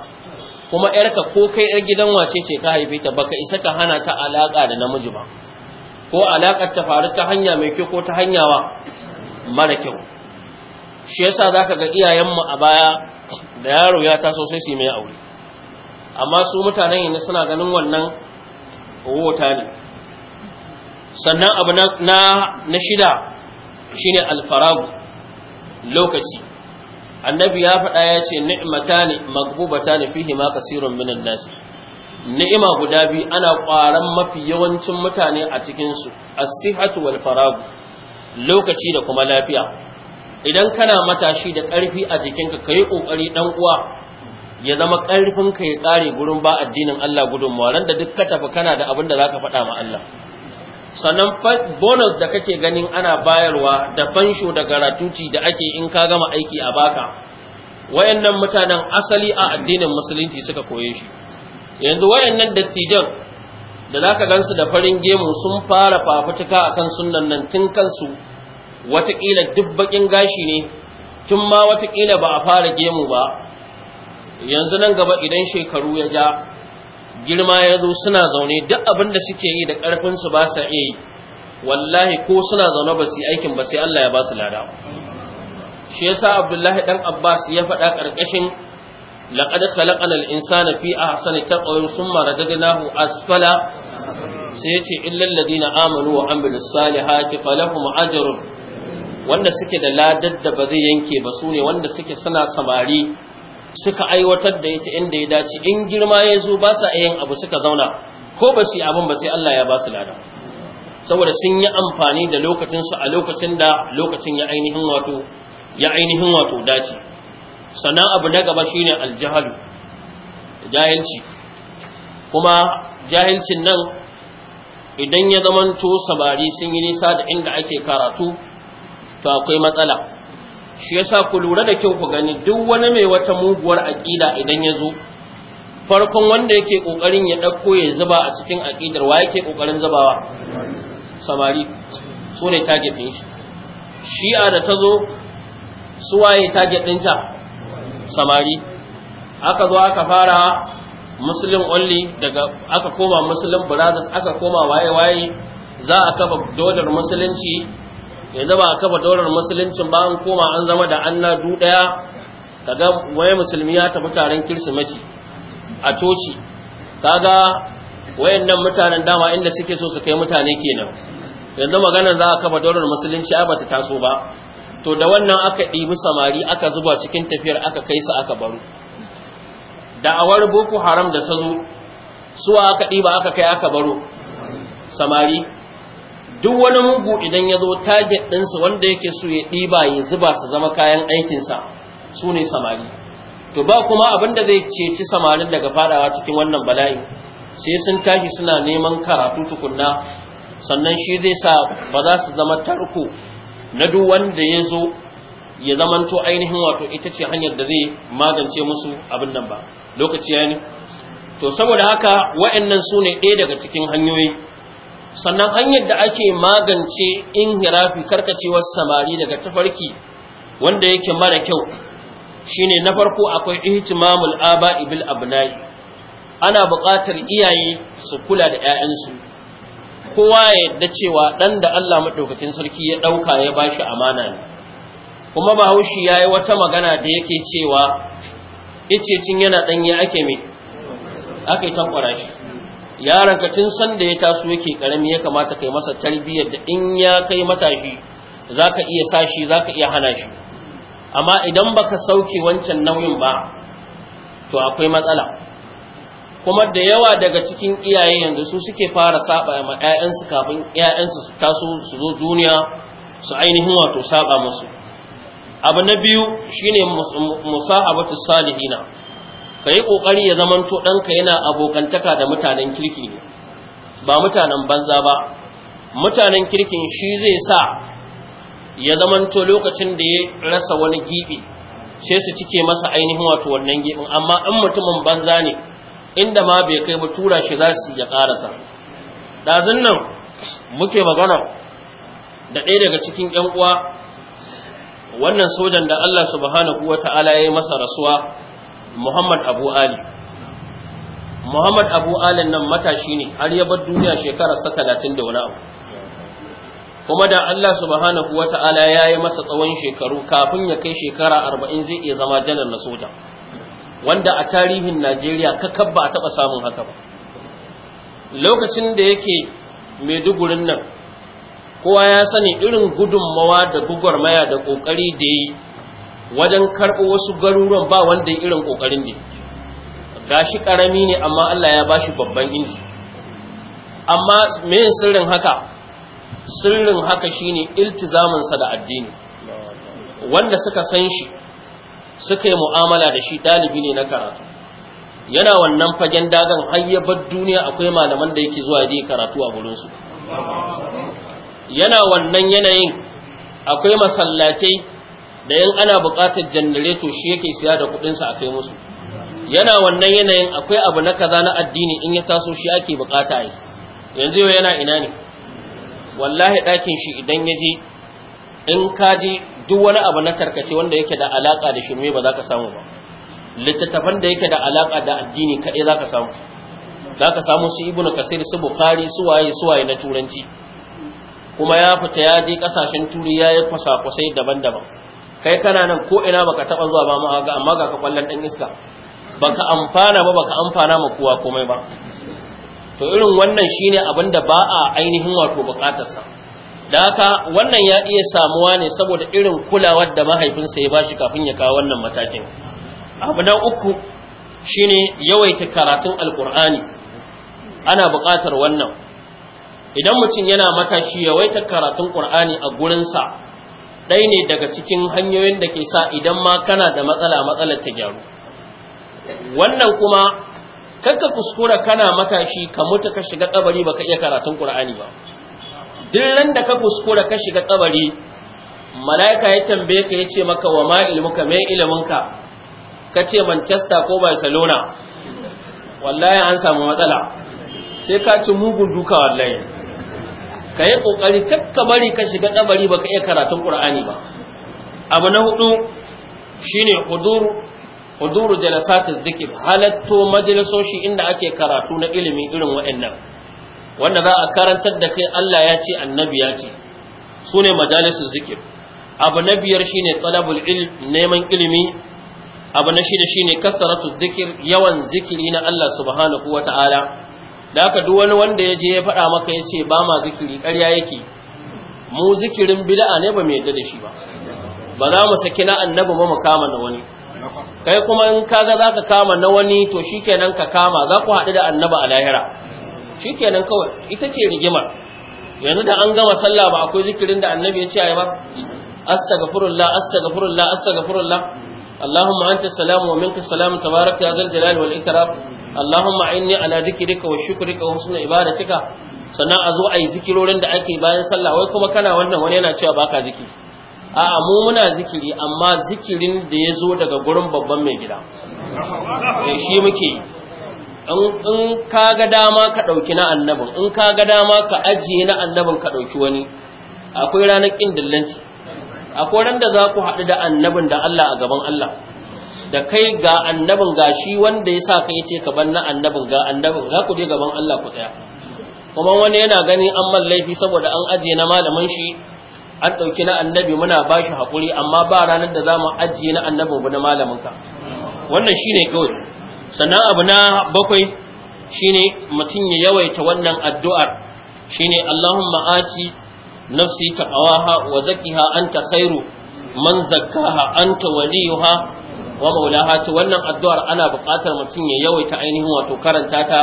kuma yarka ko kai yar gidan wace ce ka haife ta baka isa ka hana ta alaka da namiji ba ko alaƙar ta faru ta hanya mai kyau ko ta hanya mara kyau shi yasa ka ga iyayenmu a baya da yaro ya taso sai su mai aure amma su mutanen yanzu suna ganin wannan wota ne sannan abu na na shida shine alfaragu lokaci annabi ya faɗa ya ce magbubata ne, fihi ma kasirun minan nas ni'ima guda biyu ana ƙwaran mafi yawancin mutane a cikin su as-sihhatu wal faragu lokaci da kuma lafiya idan kana matashi da ƙarfi a jikinka kai kokari dan uwa ya zama ƙarfin ka ya ƙare gurin ba addinin Allah gudunmawa ran da duk ka tafi kana da abin da za faɗa ma Allah sannan bonus da kake ganin ana bayarwa da fansho da garatuci da ake in ka gama aiki a baka wayannan mutanen asali a addinin musulunci suka koye shi yanzu wayannan dattijan da zaka gansu da farin gemu sun fara fafutuka akan sunnan nan tun kansu watakila dubbakin gashi ne tun ma watakila ba a fara gemu ba yanzu nan gaba idan shekaru ya ja girma ya zo suna zaune duk abin da suke yi da ƙarfinsu ba sa iya yi wallahi ko suna zaune ba su aikin ba sai Allah ya ba su lada shi yasa Abdullahi dan Abbas ya faɗa ƙarƙashin laqad khalaqana al-insana fi ahsani taqwim thumma radadnahu asfala sai yace illal ladina amanu wa amilus salihati falahum ajrun wanda suke da ladar da ba zai yanke ba sune wanda suke suna samari suka aiwatar da ita inda ya dace in girma ya zo ba sa yin abu suka zauna ko ba su abin ba sai Allah ya ba su lada saboda sun yi amfani da su a lokacin da lokacin ya ainihin wato ya ainihin wato dace sannan abu na gaba shine aljahalu jahilci kuma jahilcin nan idan ya zamanto sabari sun yi nisa da inda ake karatu to akwai matsala shi yasa ku lura da kyau ku gani duk wani mai wata muguwar aƙida idan ya zo farkon wanda yake ƙoƙarin ya ɗauko ya zuba a cikin aƙidar wa yake ƙoƙarin zubawa samari su ne target din shi shi'a da ta zo su waye target ta? samari aka zo aka fara muslim only daga aka koma muslim brothers aka koma waye-waye za a kafa dodar musulunci yanzu ba a kafa daular musuluncin ba an koma an zama da an na dudaya ɗaya ga waye musulmi ya tafi taron kirsimeti a coci kaga wayannan mutanen dama inda suke so su kai mutane kenan yanzu maganar za a kafa daular musulunci ai bata taso ba to da wannan aka ɗibi samari aka zuba cikin tafiyar aka kai su aka baro da'awar boko haram da ta zo suwa aka ɗiba aka kai aka baro samari duk wani mugu idan ya zo target ɗinsa wanda yake so ya ɗiba ya zuba su zama kayan aikinsa su ne samari to ba kuma abin da zai ceci samarin daga fadawa cikin wannan bala'i sai sun tashi suna neman karatu tukunna sannan shi zai sa ba za su zama tarko na duk wanda ya zo ya zamanto ainihin wato ita ce hanyar da zai magance musu abin nan ba lokaci ya ne to saboda haka wa'annan su ne ɗaya daga cikin hanyoyi sannan hanyar da ake magance inhirafi karkacewar samari daga tafarki wanda yake mara kyau shine na farko akwai ihtimamul aba'i bil abna'i ana buƙatar iyaye su kula da 'ya'yansu kowa ya yadda cewa ɗan da Allah maɗaukakin sarki ya ɗauka ya ba shi amana ne kuma bahaushe ya yi wata magana da yake cewa ice cin yana ɗanye ake mai aka yi tankwara shi yaron ka tun san da ya taso yake karami ya kamata kai masa tarbiyyar da in ya kai matashi zaka iya sashi zaka iya hana shi amma idan baka sauke wancan nauyin ba to akwai matsala kuma da yawa daga cikin iyaye yanzu su suke fara saba ma ƴaƴansu kafin ƴaƴansu su taso su zo duniya su ainihin wato saba musu abu na biyu shine musahabatu salihina ka yi ƙoƙari ya zamanto ɗanka yana abokantaka da mutanen kirki ba mutanen banza ba mutanen kirkin shi zai sa ya zamanto lokacin da ya rasa wani giɓi sai su cike masa ainihin wato wannan giɓin amma in mutumin banza ne inda ma bai kai ba tura shi za su ya ƙarasa ɗazun nan muke magana da ɗaya daga cikin ‘yan uwa wannan sojan da Allah subhanahu wa ta'ala ya yi masa rasuwa Muhammad Abu Ali Muhammad Abu Ali nan matashi ne har ya bar duniya shekarar sa da wani abu kuma da Allah subhanahu wata'ala ya yi masa tsawon shekaru kafin ya kai shekara arba'in zai iya zama janar na soja wanda a tarihin Najeriya kakab ba a taɓa samun haka ba lokacin da yake Maidugurin nan kowa ya sani irin gudunmawa da gugwarmaya da ƙoƙari da yi wajen karɓo wasu garuruwan ba wanda ya irin ƙoƙarin ne Ga shi ƙarami ne amma Allah ya bashi babban inji amma me sirrin haka sirrin haka shine iltizaminsa da addini wanda suka san shi suka yi mu'amala da shi dalibi ne na karatu yana wannan fagen dagan har duniya akwai malaman da yake zuwa ya karatu a gurinsu yana wannan yanayin akwai masallatai da yin ana buƙatar janareto shi yake siya da kuɗinsa a kai musu yana wannan yanayin akwai abu na kaza na addini in ya taso shi ake buƙata yi yanzu yau yana ina ne wallahi ɗakin shi idan ya je in ka ji duk wani abu na tarkace wanda yake da alaƙa da shirme ba za ka samu ba littattafan da yake da alaƙa da addini kaɗai za ka samu za ka samu su ibnu kasir su bukhari su waye su waye na turanci kuma ya fita ya je ƙasashen turi ya yi kwasa-kwasai daban-daban kai kana nan ko ina baka taba zuwa ba mu ga amma ga ka kwallon dan iska baka amfana ba baka amfana ma kowa komai ba to irin wannan shine abin da ba a ainihin wato bukatar sa da haka wannan ya iya samuwa ne saboda irin kulawar da mahaifinsa ya bashi kafin ya kawo wannan matakin abu na uku shine yawaita karatun alkur'ani ana buƙatar wannan idan mutum yana matashi yawaita karatun qur'ani a gurinsa ɗai ne daga cikin hanyoyin da ke sa idan ma kana da matsala matsalar ta gyaru wannan kuma kanka kuskura kana matashi ka mutu ka shiga kabari baka iya karatun qur'ani ba duk da ka kuskura ka shiga tsabari, mala'ika ya tambaye ka yace maka wa ma ilmuka me ilminka ce Manchester ko Barcelona wallahi an samu matsala sai ka ci mugun duka wallahi ka yi ƙoƙari kakka bari ka shiga ɗabari ba ka iya karatun ƙur'ani ba abu na hudu shine hudur jalasatin zikir halatto majalisoshi inda ake karatu na ilimi irin waɗannan wanda za a karantar da kai Allah ya ce annabi ya ce sune majalis majalisun abu na biyar shine talabul ilm neman ilimi abu na shida shine kasaratu yawan zikiri na Allah subhanahu wataala da haka duk wani wanda ya je ya faɗa maka ya ce ba ma zikiri ƙarya yake mu zikirin bida'a ne ba mu yadda da shi ba ba za mu saki na annabi ba mu kama na wani kai kuma in kaga za ka kama na wani to shikenan ka kama za ku haɗu da annabi a lahira shikenan kawai ita ce rigimar yanzu da an gama sallah ba akwai zikirin da annabi ya ce ayi ba astaghfirullah astaghfirullah astaghfirullah اللهم أنت السلام ومنك السلام تبارك يا ذا الجلال والإكرام اللهم أعني على ذكرك وشكرك وحسن عبادتك sannan a zo a yi zikirorin da ake bayan sallah wai kuma kana wannan wani yana cewa baka zikiri a'a mu muna zikiri amma zikirin da ya zo daga gurin babban mai gida eh, shi muke in ka ga dama ka ɗauki na annabin in ka ga dama ka ajiye na annabin ka ɗauki wani akwai ranar ƙin dillanci akwai wanda da za ku haɗu da annabin da Allah a gaban Allah da kai ga annabin ga shi wanda ya sa ka yi ce kaban na annabin ga annabin za ku je gaban Allah ku tsaya kuma wani yana gani an man laifi saboda an ajiye na malamin shi an ɗauki na annabi muna ba shi haƙuri amma ba ranar da za mu ajiye na annabin bu na malaminka wannan shi ne kawai sannan abu na bakwai shine mutum ya yawaita wannan addu'ar shine Allahumma aci nafsi taqawaha wa zakkiha anta kairu, man zakkaha anta waliyuha wa maulaha to wannan addu'ar ana buƙatar mutum ya yawaita ainihin wato karanta ta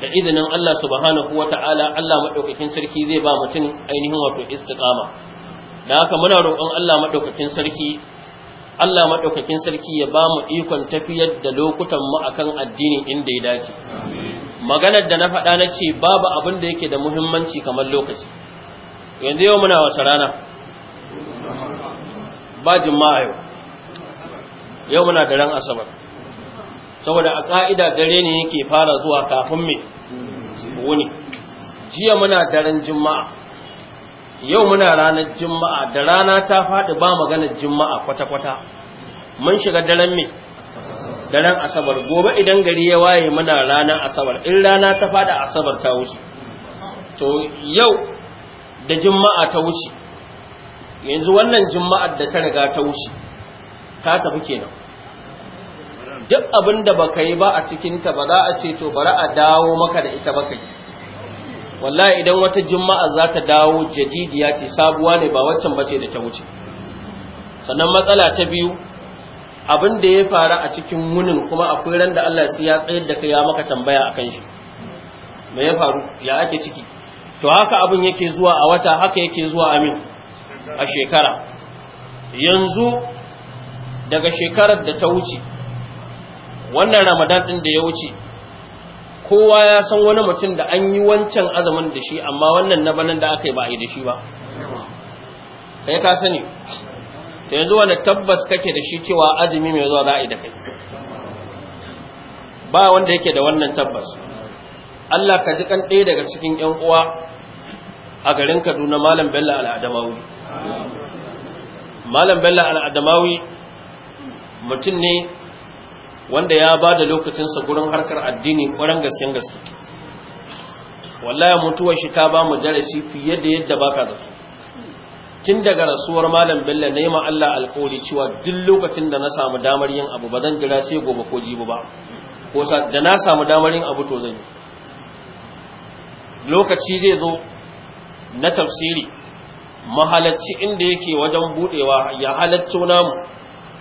da izinin Allah subhanahu wata'ala Allah madaukakin sarki zai ba mutum ainihin wato istiqama da haka muna roƙon Allah madaukakin sarki Allah madaukakin sarki ya ba mu ikon tafiyar da lokutan mu akan in inda ya dace maganar da na faɗa na ce babu abin da yake da muhimmanci kamar lokaci yanzu yau muna wasa rana ba juma'a yau yau muna da ran asabar saboda a ka'ida dare ne yake fara zuwa kafin mai wuni jiya muna ran juma'a yau muna ranar juma'a da rana ta faɗi ba maganar juma'a kwata-kwata mun shiga daren mai daren asabar gobe idan gari ya waye muna ranar asabar in rana ta faɗi asabar ta wuce to yau da juma'a ta wuce yanzu wannan juma'ar da ta riga ta wuce ta tafi kenan duk abin da baka yi ba a cikinta ba za a ce to bari a dawo maka da ita baka yi wallahi idan wata juma'a za ta dawo ya ce sabuwa ne ba waccan bace da ta wuce sannan matsala ta biyu abin da ya faru a cikin munin kuma akwai ran da Allah sai ya tsayar da kai ya maka tambaya akan shi me ya faru ya ake ciki to haka abin yake zuwa a wata haka yake zuwa amin a shekara yanzu daga shekarar da ta wuce wannan ramadan din da ya wuce kowa ya san wani mutum da an yi wancan azumin da shi amma wannan na banan da aka yi ba a yi da shi ba kai ka sani ta yanzu wani tabbas kake da shi cewa azumi mai zuwa za a yi da kai ba wanda yake da wannan tabbas Allah ka ji kan ɗaya daga cikin ‘yan uwa a garin kaduna malam bello al'adamawi malam bello al'adamawi mutum ne wanda ya ba da lokacinsa gurin harkar addini ƙwarar gasken gaske wallaya mutuwar shi ta ba mu darasi fiye da yadda ba ka zafi tun daga rasuwar malam bello na yi Allah alkoli cewa duk lokacin da na samu damar yin abu ba zan jira sai gobe ko jibu ba ko da na samu damar yin abu to zan yi lokaci zai zo na tafsiri mahalarci inda yake wajen budewa ya halatto namu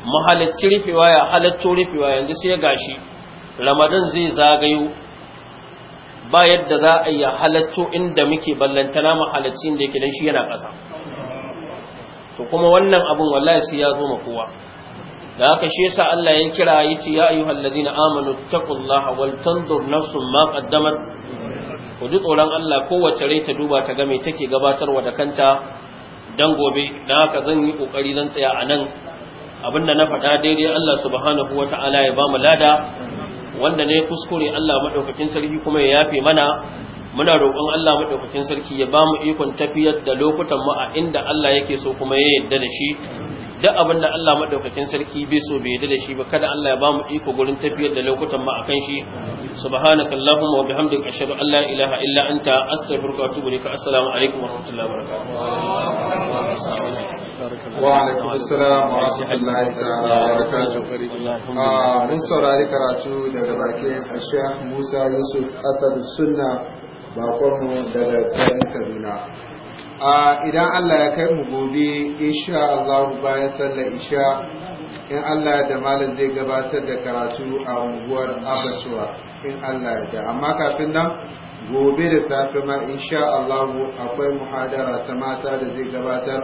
mahalarci rufewa ya halatto rufewa yanzu sai gashi ramadan zai zagayo ba yadda za a yi halatto inda muke ballantana mahalarci inda yake dan shi yana ƙasa to kuma wannan abin wallahi sai ya zo ma kowa da haka shi yasa Allah ya kira yace ya ayyuhal amanu taqullaha wal tanzur nafsum ma qaddamat ku ji tsoron Allah kowace rai ta duba ta ga me take gabatarwa da kanta dan gobe dan haka zan yi kokari zan tsaya a nan abinda na faɗa daidai Allah subhanahu wata'ala ya bamu lada wanda ne kuskure Allah madaukakin sarki kuma ya yafe mana muna roƙon Allah maɗaukakin sarki ya ba mu ikon tafiyar da lokutan mu a inda Allah yake so kuma ya yadda da shi duk abin da Allah maɗaukakin sarki bai so bai yadda da shi ba kada Allah ya ba mu iko gurin tafiyar da lokutan mu a kan shi subhanaka allahumma wa bihamdika ashhadu an la ilaha illa anta astaghfiruka wa atubu ilaik assalamu alaikum wa rahmatullahi wa barakatuh wa alaikum assalam wa rahmatullahi wa barakatuh ah, mun saurari karatu daga bakin Sheikh Musa Yusuf Asad Sunna bakonmu daga kayan kaduna idan allah ya kai mu gobe insha allah bayan sallar isha in allah da malam zai gabatar da karatu a unguwar abacewa in allah da amma kafin nan gobe da safe ma insha Allah akwai muhadara ta mata da zai gabatar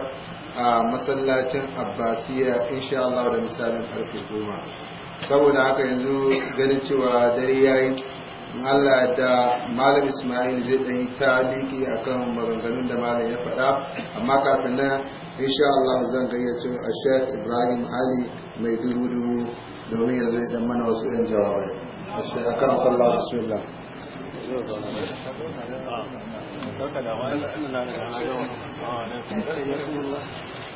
a masallacin abbasiya insha Allah da misalin karfe goma saboda haka yanzu ganin cewa dare yayi Allah da Malam Ismail zai ɗan yi taliki a kan maganganun da Malam ya faɗa, amma kafin nan, insha Allah zan gayyato a Sheikh Ibrahim Ali mai dubu-dubu domin ya zai ɗan mana wasu ‘yan jawabai. A Sheikh Akar Allah da suna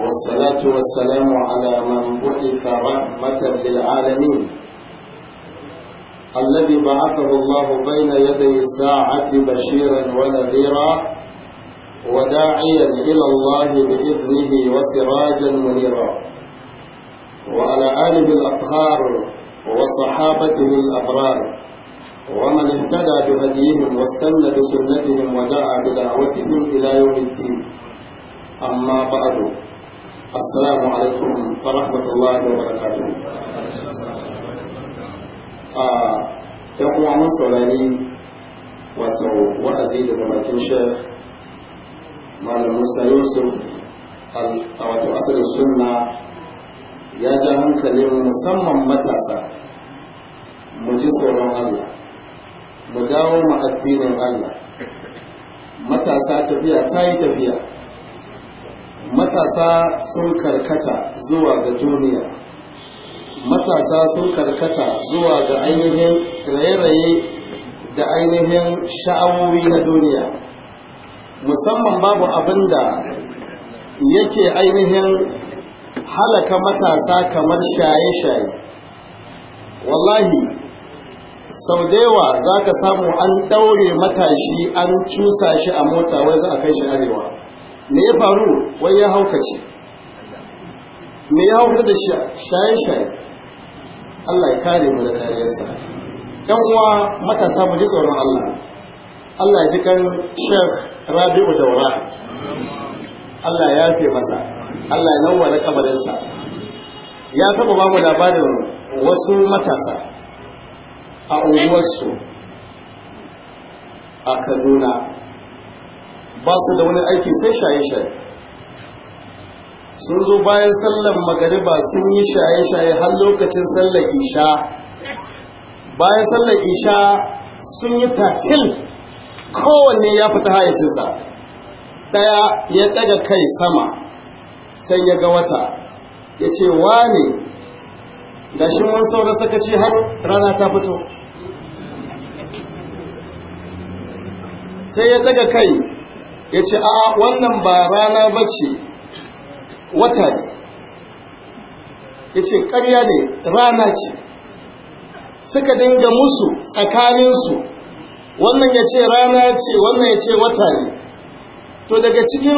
والصلاة والسلام على من بعث رحمة للعالمين الذي بعثه الله بين يدي الساعة بشيرا ونذيرا وداعيا إلى الله بإذنه وسراجا منيرا وعلى آله الأطهار وصحابته الأبرار ومن اهتدى بهديهم واستنى بسنتهم ودعا بدعوتهم إلى يوم الدين أما بعد السلام عليكم ورحمة الله وبركاته ‘yan uwa mun saurari wato wa'azi daga bakin shek malam musa yusuf a wato asirin sunna ya ja hankali musamman matasa mu ji tsoron allah mu dawo mu addinin allah matasa tafiya ta yi tafiya matasa sun karkata zuwa ga duniya matasa sun karkata zuwa ga ainihin raye-raye da ainihin sha'awowi na duniya musamman babu abin da yake ainihin halaka matasa kamar shaye-shaye wallahi sau da yawa za ka samu an ɗaure matashi an cusa shi a mota wai za a kai shi arewa me ya faru wai ya haukace me ya hauka da shaye-shaye Allah ya kare mu da kariyarsa ɗan uwa matasa mu ji tsoron Allah Allah ya ji kan Rabi'u Daura Allah ya fi masa Allah ya da kabarinsa ya taɓa ba mu labarin wasu matasa a unguwarsu a Kaduna ba su da wani aiki sai shaye-shaye sun zo bayan sallan magariba sun yi shaye-shaye har lokacin sallar isha bayan sallar isha sun yi takil kowanne ya fita hayacinsa ɗaya ya ɗaga kai sama sai ya ga wata ya ce wane da shi mun saura sakaci har rana ta fito sai ya ɗaga kai ya ce a'a wannan ba rana ba ce wata ne ya ce ƙarya ne rana ce suka dinga musu tsakaninsu wannan ya ce rana ce wannan ya ce wata ne to daga cikin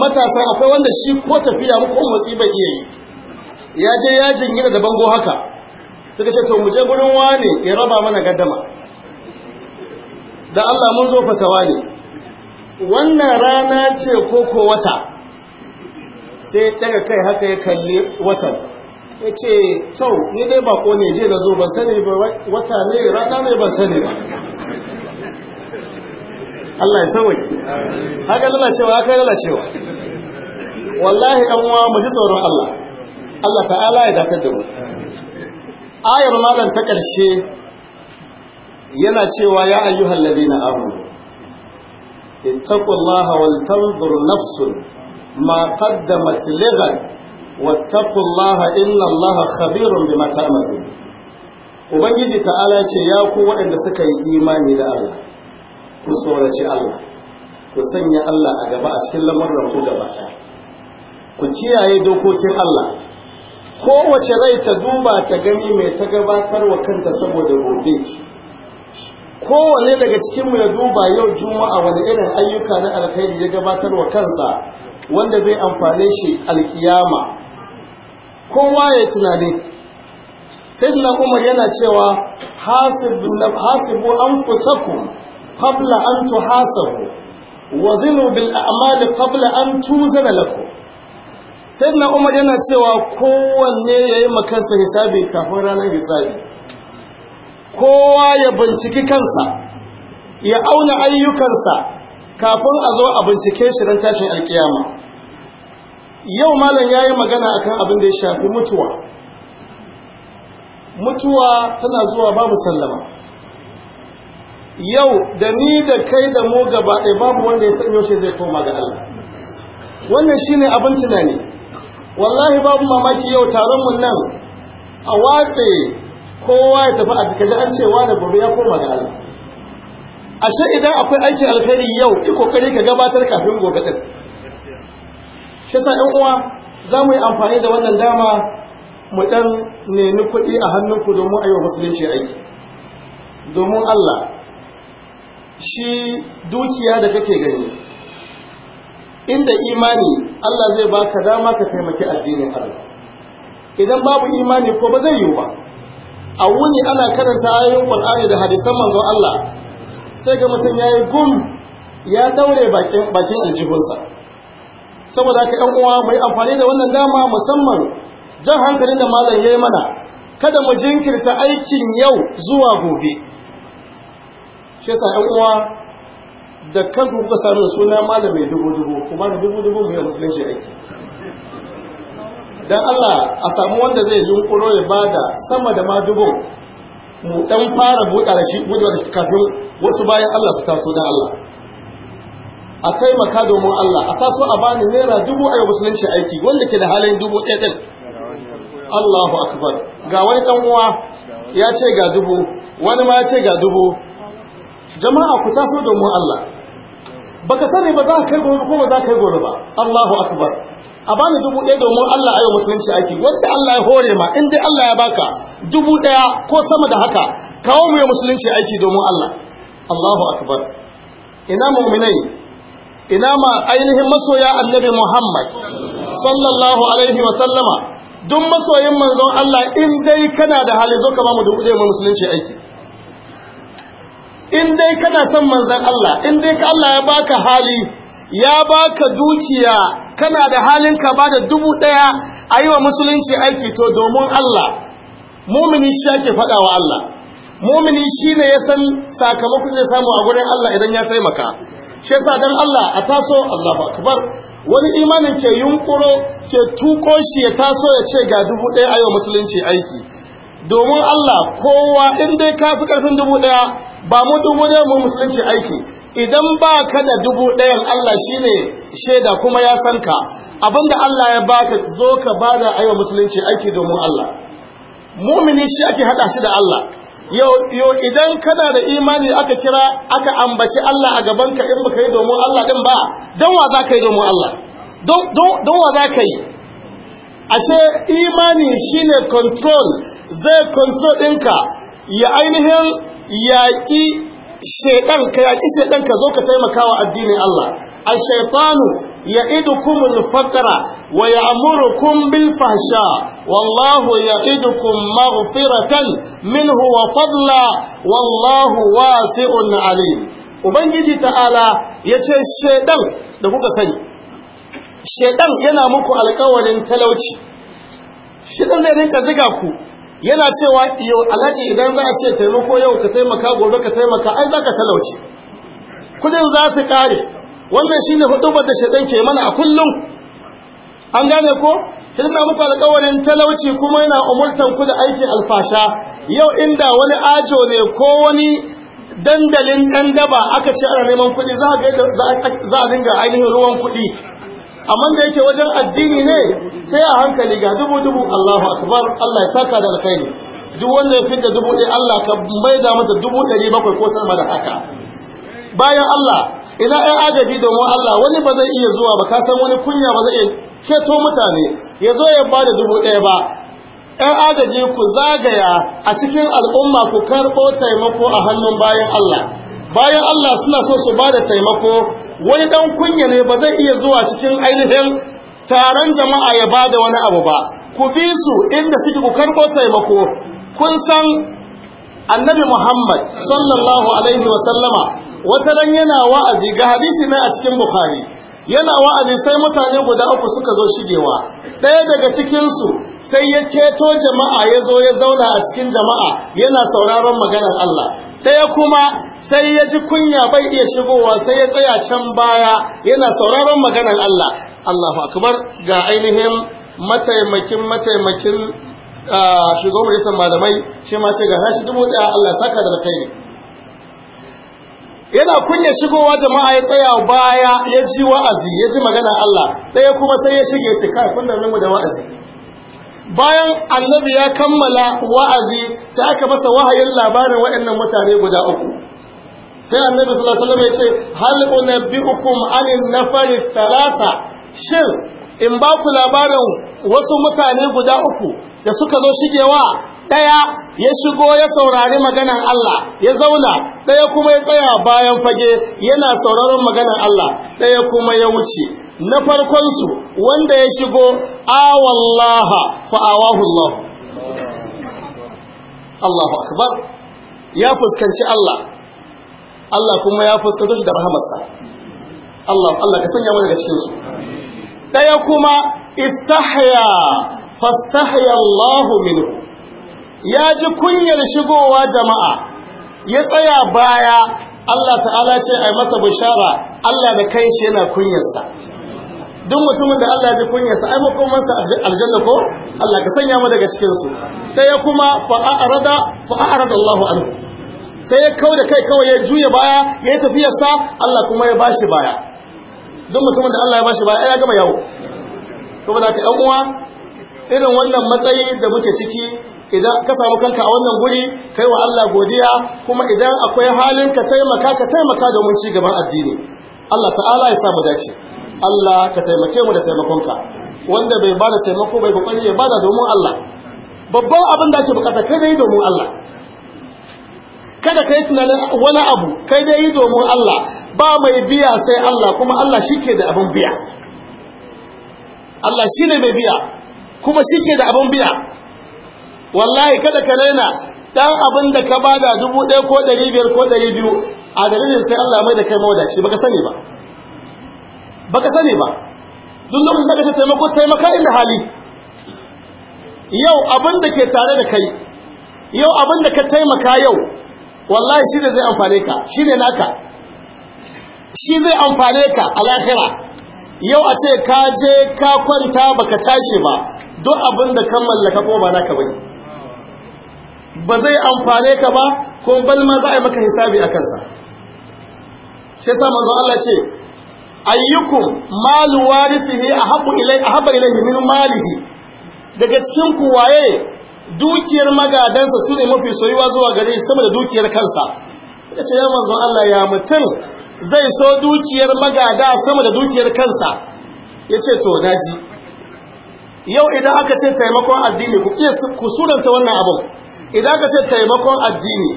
matasa akwai wanda shi ko tafiya muku motsi ba iya yi ya je yajin gida da bango haka suka ce to mu je gurin wane ya raba mana gaddama da Allah mun zo fatawa ne wannan rana ce ko ko wata sai daga kai haka ya kalli watan ya ce tau ni dai bako ne je da zo ban sani ba wata ne rana ne ban sani ba Allah ya ki haka cewa haka lalacewa wallahi ɗan uwa mu ji tsoron Allah Allah ta'ala ya datar da mu ayar malam ta ƙarshe yana cewa ya ayyuhal ladina amanu اتقوا الله ولتنظر نفس ما قدمت لغد واتقوا الله إن الله خبير بما تعملون ubangiji ta'ala ce ya ku waɗanda suka yi imani da Allah ku tsoraci Allah ku sanya Allah a gaba a cikin lamarin ku gaba ku kiyaye dokokin Allah kowace rai ta duba ta gani mai ta gabatar wa kanta saboda gobe kowane daga cikinmu ya duba yau juma'a wani irin ayyuka na alkhairi ya gabatar wa kansa wanda zai amfane shi alkiyama kowa ya tunani sayyidina umar yana cewa hasibu fusaku qabla an tuhasabu wa zinu bil a'mali qabla an tuzana lakum sayyidina umar yana cewa kowanne yayi makansa hisabi kafin ranar hisabi kowa ya binciki kansa ya auna ayyukansa kafin a zo a bincike shi don tashin alkiyama yau malam ya yi magana akan abin da ya shafi mutuwa mutuwa tana zuwa babu sallama yau da ni da kai da mu gaba ɗaya babu wanda ya san yaushe zai koma ga Allah wannan shine abin tunani wallahi babu mamaki yau taron mun nan a watse kowa ya tafi a cikin an ce da gobe ya koma ga A ashe idan akwai aikin alkhairi yau ki kokari ka gabatar kafin gobe din shi sa ɗan uwa za mu yi amfani da wannan dama mu ɗan nemi kuɗi a hannunku domin a yi wa musulunci aiki domin Allah shi dukiya da kake gani inda imani Allah zai baka dama ka taimaki addinin Allah idan babu imani ko ba zai yiwu ba a wuni ana karanta ayoyin qur'ani da hadisan manzon Allah sai ga mutum yayi gum ya daure bakin bakin aljihunsa saboda haka yan uwa mai amfani da wannan dama musamman jan hankalin da malam yayi mana kada mu jinkirta aikin yau zuwa gobe shi yasa ɗan uwa da kanku kuka sami suna malami dubu dubu kuma da dubu dubu mu yi musulunci aiki dan Allah a samu wanda zai yunkuro ya bada sama da ma dubu mu dan fara buɗa da shi buɗe da shi kafin wasu bayan Allah su taso da Allah a taimaka domin Allah a taso a bani naira dubu a musulunci aiki wanda ke da halayen dubu ɗaya ɗin Allahu akbar ga wani dan uwa ya ce ga dubu wani ma ya ce ga dubu jama'a ku taso domin Allah baka sani ba za ka kai gobe ko ba za ka kai gobe ba Allahu akbar a ba ni dubu ɗaya domin Allah ayo musulunci aiki wanda Allah ya hore ma in dai Allah ya baka dubu ɗaya ko sama da haka kawo mu ya musulunci aiki domin Allah Allahu akbar ina mu'minai ina ma ainihin masoya annabi Muhammad sallallahu alaihi wa sallama duk masoyin manzon Allah in dai kana da hali zo ka ba mu dubu ɗaya mu musulunci aiki in dai kana son manzon Allah in dai ka Allah ya baka hali ya baka dukiya kana da halin ka ba da dubu ɗaya a yi wa musulunci aiki to domin Allah mumini shi ake faɗa wa Allah mumini shi ne ya san sakamakon zai samu a gurin Allah idan ya taimaka shi yasa dan Allah a taso Allahu akbar wani imanin ke yunkuro ke tuko shi ya taso ya ce ga dubu ɗaya a yi wa musulunci aiki domin Allah kowa in dai ka fi ƙarfin dubu ɗaya ba mu dubu ɗaya mu musulunci aiki idan ba ka da dubu ɗayan Allah shi ne shaida kuma ya san ka abinda Allah ya baka zo ka ba da aiwa musulunci aiki domin Allah mumini shi ake haɗa shi da Allah yau idan kana da imani aka kira aka ambaci Allah a gaban gabanka in baka yi domin Allah din ba don wa za ka yi domin Allah don wa za ka yi ashe imani ne control zai control ɗinka ya ainihin yaƙi shaitan ka yaki shaitan ka zo ka taimakawa wa addinin Allah a shaitanu ya idu kuma nufakara wa ya amuru kun bil fasha wallahu ya idu kuma mafiratan minhu wa fadla wallahu wa si'un alim ubangiji ta'ala ya ce shaitan da kuka sani shaitan yana muku alkawarin talauci shaitan zai rinka ziga ku yana cewa yau alhaji idan za a ce taimako yau ka taimaka gobe ka taimaka ai za ka talauci. kudin za su kare wannan shi ne hudubar da shaɗan ke mana a kullum an gane ko sai na muku alƙawarin talauci kuma yana umurtan ku da aikin alfasha yau inda wani ajo ne ko wani dandalin dandaba aka ce ana neman kuɗi za a dinga ainihin ruwan kuɗi amma da yake wajen addini ne sai a hankali ga dubu dubu Allahu akbar Allah ya saka da alkhairi duk wanda ya fidda dubu ɗaya Allah ka bai da masa dubu ɗari bakwai ko sama da haka bayan Allah ina ɗan agaji mu Allah wani ba zai iya zuwa ba ka san wani kunya ba zai iya ceto mutane ya zo ya ba da dubu ɗaya ba ‘yan agaji ku zagaya a cikin al'umma ku karɓo taimako a hannun bayan Allah. Bayan Allah suna so su ba da taimako wani dan kunya ne ba zai iya zuwa cikin ainihin taron jama'a ya ba da wani abu ba ku bi su inda suke ku karɓo taimako kun san annabi muhammad sallallahu alaihi wa sallama wata ran yana wa'azi ga hadisi ne a cikin bukhari yana wa'azi sai mutane guda uku suka zo shigewa ɗaya daga cikin su sai ya keto jama'a ya zo ya zauna a cikin jama'a yana sauraron maganar allah ɗaya kuma sai ya ji kunya bai iya shigowa sai ya tsaya can baya yana sauraron maganar Allah Allahu akbar ga ainihin mataimakin mataimakin shugaban majalisar malamai shi ma ce ga nashi dubu ɗaya Allah saka da kai ne yana kunya shigowa jama'a ya tsaya baya ya ji wa'azi ya ji maganar Allah ɗaya kuma sai ya shige ce kai kun mu da wa'azi bayan annabi ya kammala wa'azi sai aka masa wahayin labarin waɗannan mutane guda uku sai annabi sallallahu alaihi wasallam ya ce hal unabbiukum anin nafari talasa, shin in ba ku labarin wasu mutane guda uku da suka zo shigewa ɗaya ya shigo ya saurari maganan Allah ya zauna ɗaya kuma ya tsaya bayan fage yana sauraron maganan Allah ɗaya kuma ya wuce na farkonsu wanda ya shigo awallaha fa'awahu Allah Allahu akbar ya fuskanci Allah Allah kuma ya fuskanci shi da rahamarsa Allah Allah ka sanya mana daga cikin su daya kuma istahya fastahya Allah minhu ya ji kunyar shigowa jama'a ya tsaya baya Allah ta'ala ce ai masa bishara Allah da kai shi yana kunyarsa duk mutumin da Allah ya ji kunyarsa ai makomansa aljanna ko Allah ka sanya mu daga cikin su sai ya kuma fa arada Allah anhu sai ya kau da kai kawai ya juya baya ya yi tafiyarsa Allah kuma ya bashi baya duk mutumin da Allah ya bashi baya ya gama yawo kuma da ka yan uwa irin wannan matsayi da muke ciki idan ka samu kanka a wannan guri kai wa Allah godiya kuma idan akwai halin ka taimaka ka taimaka domin ci gaban addini Allah ta'ala ya samu dace Allah ka taimake mu da taimakonka wanda bai bada taimako bai kokari ya bada domin Allah babban abin da ake bukata kai yi domin Allah kada kai tunanin wani abu kai yi domin Allah ba mai biya sai Allah kuma Allah shike da abin biya Allah shine mai biya kuma shike da abin biya wallahi kada ka raina dan abin da ka bada dubu ɗaya ko ɗari biyar ko ɗari biyu a dalilin sai Allah mai da kai mawadaci baka sani ba Ba ka sani ba duk lokacin da ka taimako taimaka inda hali yau abin da ke tare da kai yau abin da ka taimaka yau wallahi shi ne zai amfane ka shi ne naka shi zai amfane ka a lahira yau a ce ka je ka kwanta ba ka tashi ba duk abin da kan mallaka ko ba naka bane ba zai amfane ka ba ko bal ma za a yi maka hisabi a kansa shi sa manzo Allah ce ayyukum malu warithihi ahabu ilai ahabu ilaihi min malihi daga cikin ku waye dukiyar magadansa su ne mafi soyuwa zuwa gare shi sama da dukiyar kansa ya ce ya manzon Allah ya mutum zai so dukiyar magada sama da dukiyar kansa ya ce to daji yau idan aka ce taimakon addini ku ku suranta wannan abun idan aka ce taimakon addini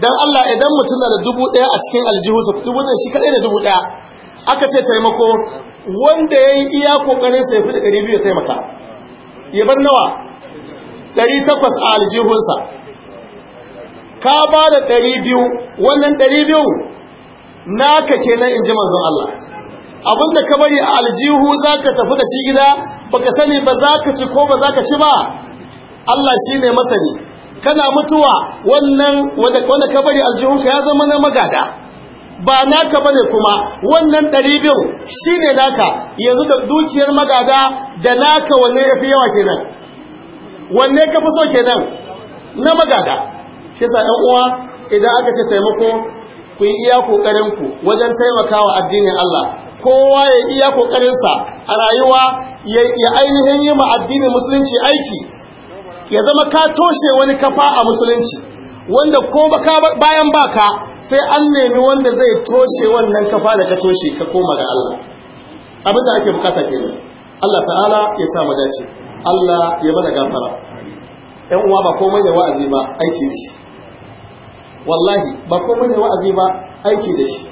dan Allah idan mutum na da dubu ɗaya a cikin aljihu sa dubu ɗaya shi kaɗai da dubu ɗaya aka ce taimako wanda ya yi iya kokarin sai fi da ɗari biyu taimaka bar nawa ɗari takwas a aljihunsa ka ba da ɗari biyu wannan ɗari biyu naka kenan in ji manzon Allah da ka bari a aljihu za ka tafi da shi gida baka sani ba za ka ci ko ba za ka ci ba Allah shi ne masani kana mutuwa wannan wanda ka bari aljihunka ya zama na magada ba naka bane kuma wannan ɗari biyu ne naka yanzu da dukiyar magada da naka wanne ya fi yawa kenan wanne ka fi so kenan na magada shi sa ɗan uwa idan aka ce taimako ku yi iya kokarin ku wajen taimakawa addinin Allah kowa ya iya kokarinsa a rayuwa ya ainihin yi addinin musulunci aiki ya zama ka toshe wani kafa a musulunci wanda ko bayan baka sai an nemi wanda zai toshe wannan kafa da ka toshe ka koma ga Allah abin da ake bukata kenan Allah ta'ala ya sa mu dace Allah ya mana gafara ɗan uwa ba komai ne wa'azi ba aiki da shi wallahi ba komai ne wa'azi ba aiki da shi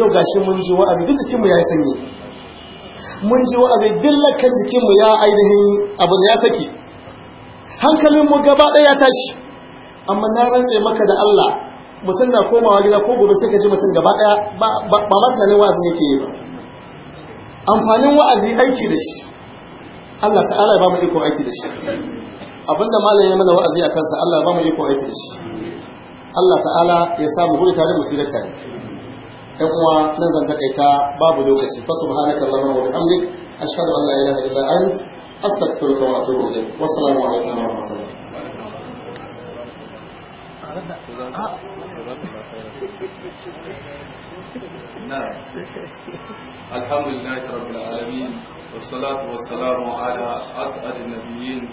yau gashi mun ji wa'azi duk jikinmu ya yi sanyi mun ji wa'azi dillakan jikinmu ya ainihin abin ya saki hankalin mu gaba ɗaya tashi amma na rantsa maka da Allah mutum na komawa gida ko gobe sai ka ji mutum gaba daya ba ma tunanin ne yake yi ba amfanin wa'azi aiki da shi Allah ta'ala ya ba mu iko aiki da shi abinda malam ya mana wa'azi a kansa Allah ya ba mu iko aiki da shi Allah ta'ala ya sa mu gudu tare mu da tare ɗan uwa nan zan takaita babu lokaci fa subhanaka allahumma wa bihamdik ashhadu an la ilaha illa ant astaghfiruka wa atubu ilayk wassalamu alaikum wa rahmatullah نعم الحمد لله رب العالمين والصلاة والسلام على أسعد النبيين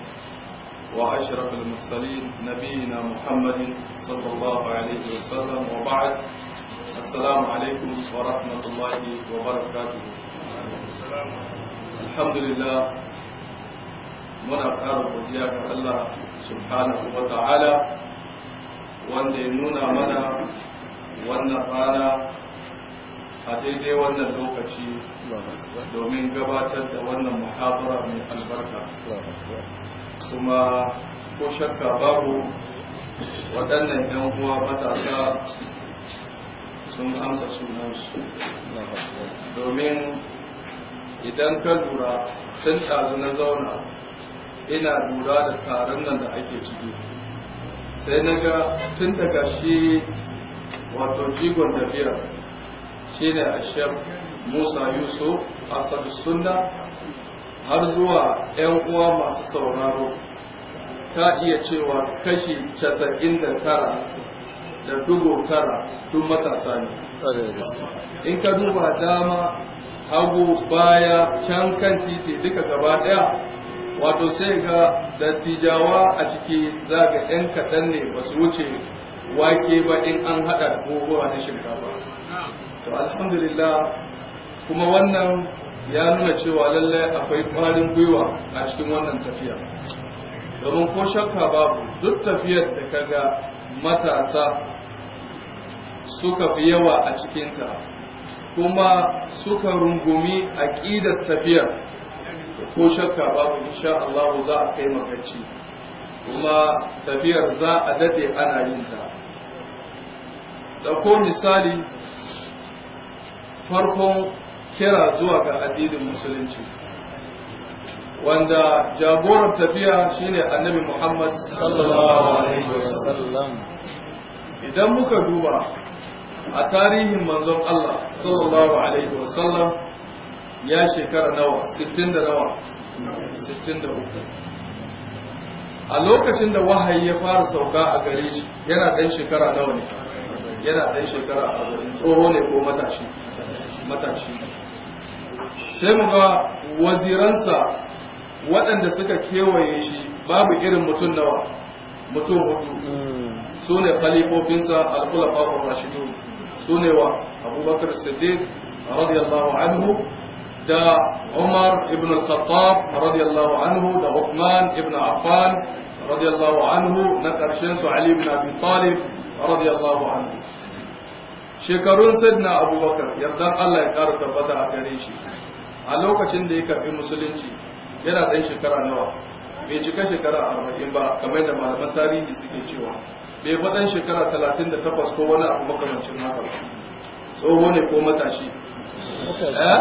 وأشرف المرسلين نبينا محمد صلى الله عليه وسلم وبعد السلام عليكم ورحمة الله وبركاته الحمد لله من ƙara الله سبحانه وتعالى wanda ya nuna mana wannan rana a daidai wannan lokaci domin gabatar da wannan muhabara mai albarka kuma ko shakka babu waɗannan 'yan uwa matasa sun amsa sunansu domin idan ka lura tun ɗazu na zauna ina lura da taron nan da ake ciki sai na ga tun daga shi wato jigon tafiya shi ne a musa yusuf a sunna har zuwa 'yan uwa masu sauraro ta iya cewa kashi casa'in da tara da dugo tara duk matasa ne in ka duba dama hagu baya can kan titi duka gaba daya wato sai ga dattijawa a ciki za ga 'yan kaɗan ne ba su wuce wake ba in an haɗa gogowa na shinkafa to alhamdulillah kuma wannan ya nuna cewa lallai akwai ƙwarin gwiwa a cikin wannan tafiya domin ko shakka babu duk tafiyar da ka ga matasa suka fi yawa a cikinta kuma suka rungumi aƙidar tafiyar ko shakka babu insha Allah za a kai magarci kuma tafiyar za a dade ana yin ta dauko misali farkon kira zuwa ga addinin musulunci wanda jagoran tafiya shine annabi Muhammad sallallahu alaihi wasallam idan muka duba a tarihin manzon Allah sallallahu alaihi wasallam ya shekara nawa sittin da nawa sittin da a lokacin da wahayi ya fara sauka a gare shi yana ɗan shekara nawa ne yana ɗan shekara 40 tsoro ne ko matashi matashi sai mu ga waziransa waɗanda suka kewaye shi babu irin mutum nawa mutum hudu su ne khalifofinsa al-khulafa ar-rashidun su ne wa abubakar siddiq radiyallahu anhu da Umar ibn al-Khattab radiyallahu anhu da Uthman ibn Affan radiyallahu anhu na ƙarshen su Ali ibn Abi Talib radiyallahu anhu shekarun Abu Abubakar yardan Allah ya ƙara tabbata a gare shi a lokacin da ya karɓi musulunci yana ɗan shekara nawa bai cika shekara arba'in ba kamar da malaman tarihi suke cewa bai faɗan shekara talatin da takwas ko wani abu makamancin haka tsoho ne ko matashi Eh?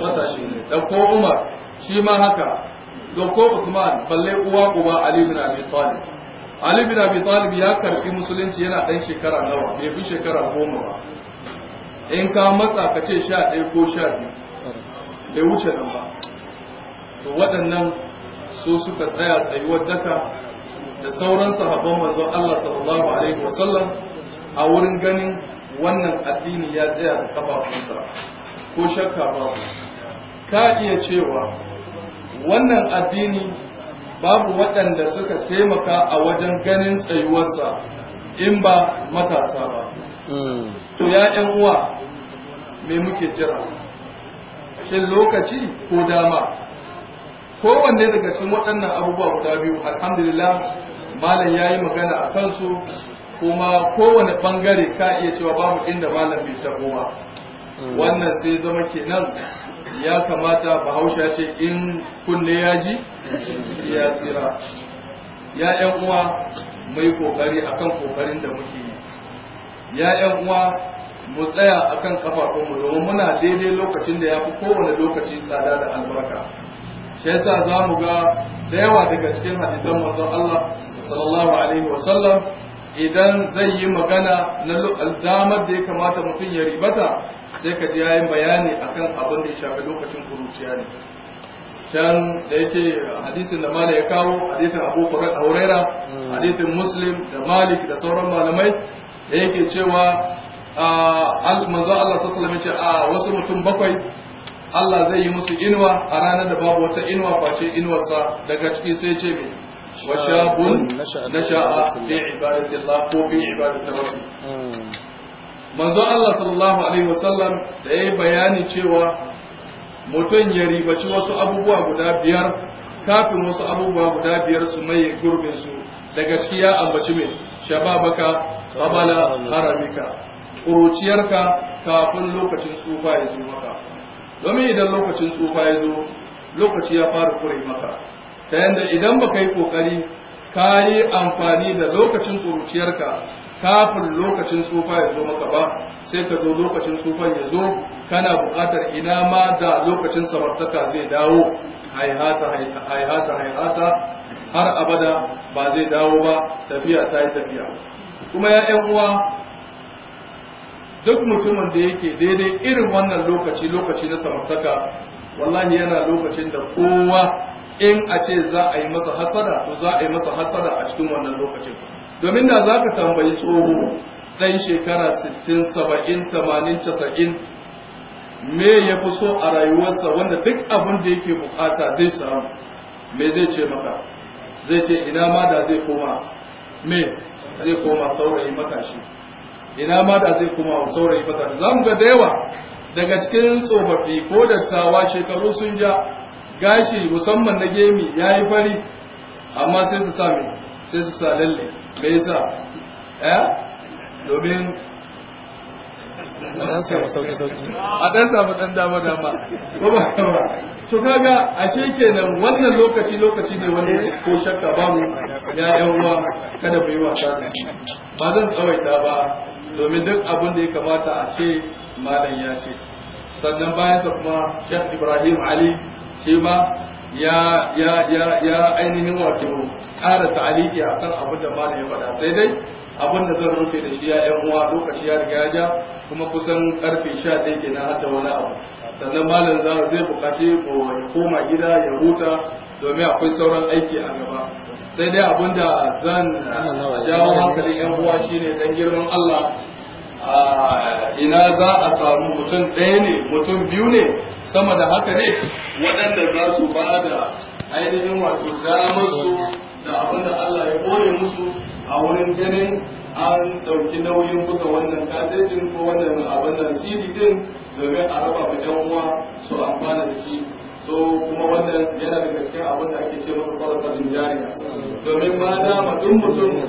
matashi ne dauko umar shi ma haka ko usman balle uwa uba ali bin abi talib ali bin abi talib ya karfi musulunci yana dan shekara nawa bai fi shekara goma ba in ka matsa ka ce sha ɗaya ko sha biyu bai wuce nan ba to waɗannan su suka tsaya tsayuwar daka da sauran sahabban manzon Allah sallallahu alaihi wasallam a wurin ganin wannan addini ya tsaya da kafafunsa ko shakka babu ka iya cewa wannan addini babu waɗanda suka taimaka a wajen ganin tsayuwarsa in ba matasa ba hmm. to ya uwa me muke jira shin lokaci ko dama kowanne daga cikin waɗannan abubuwa guda biyu alhamdulillah malam ya yi magana a kansu kuma kowane bangare ka iya cewa babu inda malam bai taɓo ba wannan sai zama kenan ya kamata bahausha ce in kunne ya ji ya tsira ya yan uwa mai kokari akan kokarin da muke yi ya yan uwa mu tsaya akan mu domin muna daidai lokacin da ya fi kowane lokaci tsada da albarka shi yasa za mu ga da yawa daga cikin hadisan manzon Allah sallallahu alaihi wa sallam idan zai yi magana na damar da ya kamata mutum ya ribata sai ka ya yi bayani akan abin da ya shafi lokacin kuruciya ne can da ya ce hadisin da mala ya kawo hadisin abu huraira hadisin muslim da malik da sauran malamai da yake cewa manzo Allah sallallahu ce a wasu mutum bakwai Allah zai yi musu inuwa a ranar da babu wata inuwa face inuwarsa daga ciki sai ce mai washabun nasha'a fi ibadatillah ko fi ibadatillah hmm. manzon Allah sallallahu alaihi wasallam da yayi bayani cewa mutum ya ribaci wasu abubuwa guda biyar kafin wasu abubuwa guda biyar su mai gurbin su da ya ambaci mai shababaka rabala haramika kuruciyarka kafin lokacin tsufa ya zo maka domin idan lokacin tsufa ya zo lokaci ya fara kure maka ta yanda idan baka yi kokari ka yi amfani da lokacin kuruciyarka kafin lokacin tsufa ya zo maka ba sai ka zo lokacin tsufan ya zo kana buƙatar ina ma da lokacin samartaka zai dawo haihata haihata har abada ba zai dawo ba tafiya ta yi tafiya kuma ya uwa duk mutumin da yake daidai irin wannan lokaci lokaci na samartaka wallahi yana lokacin da kowa in a ce za a yi masa hasada to za a yi masa hasada a cikin wannan lokacin domin da za ka tambayi tsoho ɗan shekara 60 70 80 90 me ya fi so a rayuwarsa wanda duk abin da yake bukata zai samu me zai ce maka zai ce ina ma da zai koma me zai koma saurayi matashi ina ma da zai koma saurayi matashi za mu ga da yawa daga cikin tsofaffi ko dattawa shekaru sun ja gashi musamman na gemi ya yi fari amma sai su sa sai su sa lalle me yasa eh domin a ɗan samu ɗan dama dama to kaga ashe kenan wannan lokaci lokaci ne wanda ko shakka babu ya yan uwa kada yi wasa da ba zan tsawaita ba domin duk abin da ya kamata a ce malam ya ce sannan sa kuma shek Ibrahim Ali shi ma ya ya ya ya ainihin wato ƙara ta'aliki a kan abin da malam ya faɗa sai dai abin da zan rufe da shi ya ƴan uwa lokaci ya riga ya kuma kusan karfe sha ɗaya kenan har da wani abu sannan malam za zai buƙaci ya koma gida ya huta domin akwai sauran aiki a gaba sai dai abin da zan jawo hankalin ƴan uwa shine dan girman Allah a ina za a samu mutum ɗaya ne mutum biyu ne sama da haka ne waɗanda za su ba da ainihin wato damar su da abin da Allah ya ɓoye musu a wurin ganin an ɗauki nauyin buga wannan kasetin ko wannan abin da CD din domin a raba ma ɗan uwa su amfana da shi so kuma wannan yana daga cikin abin da ake ce masa farkar jariya domin ba dama duk mutum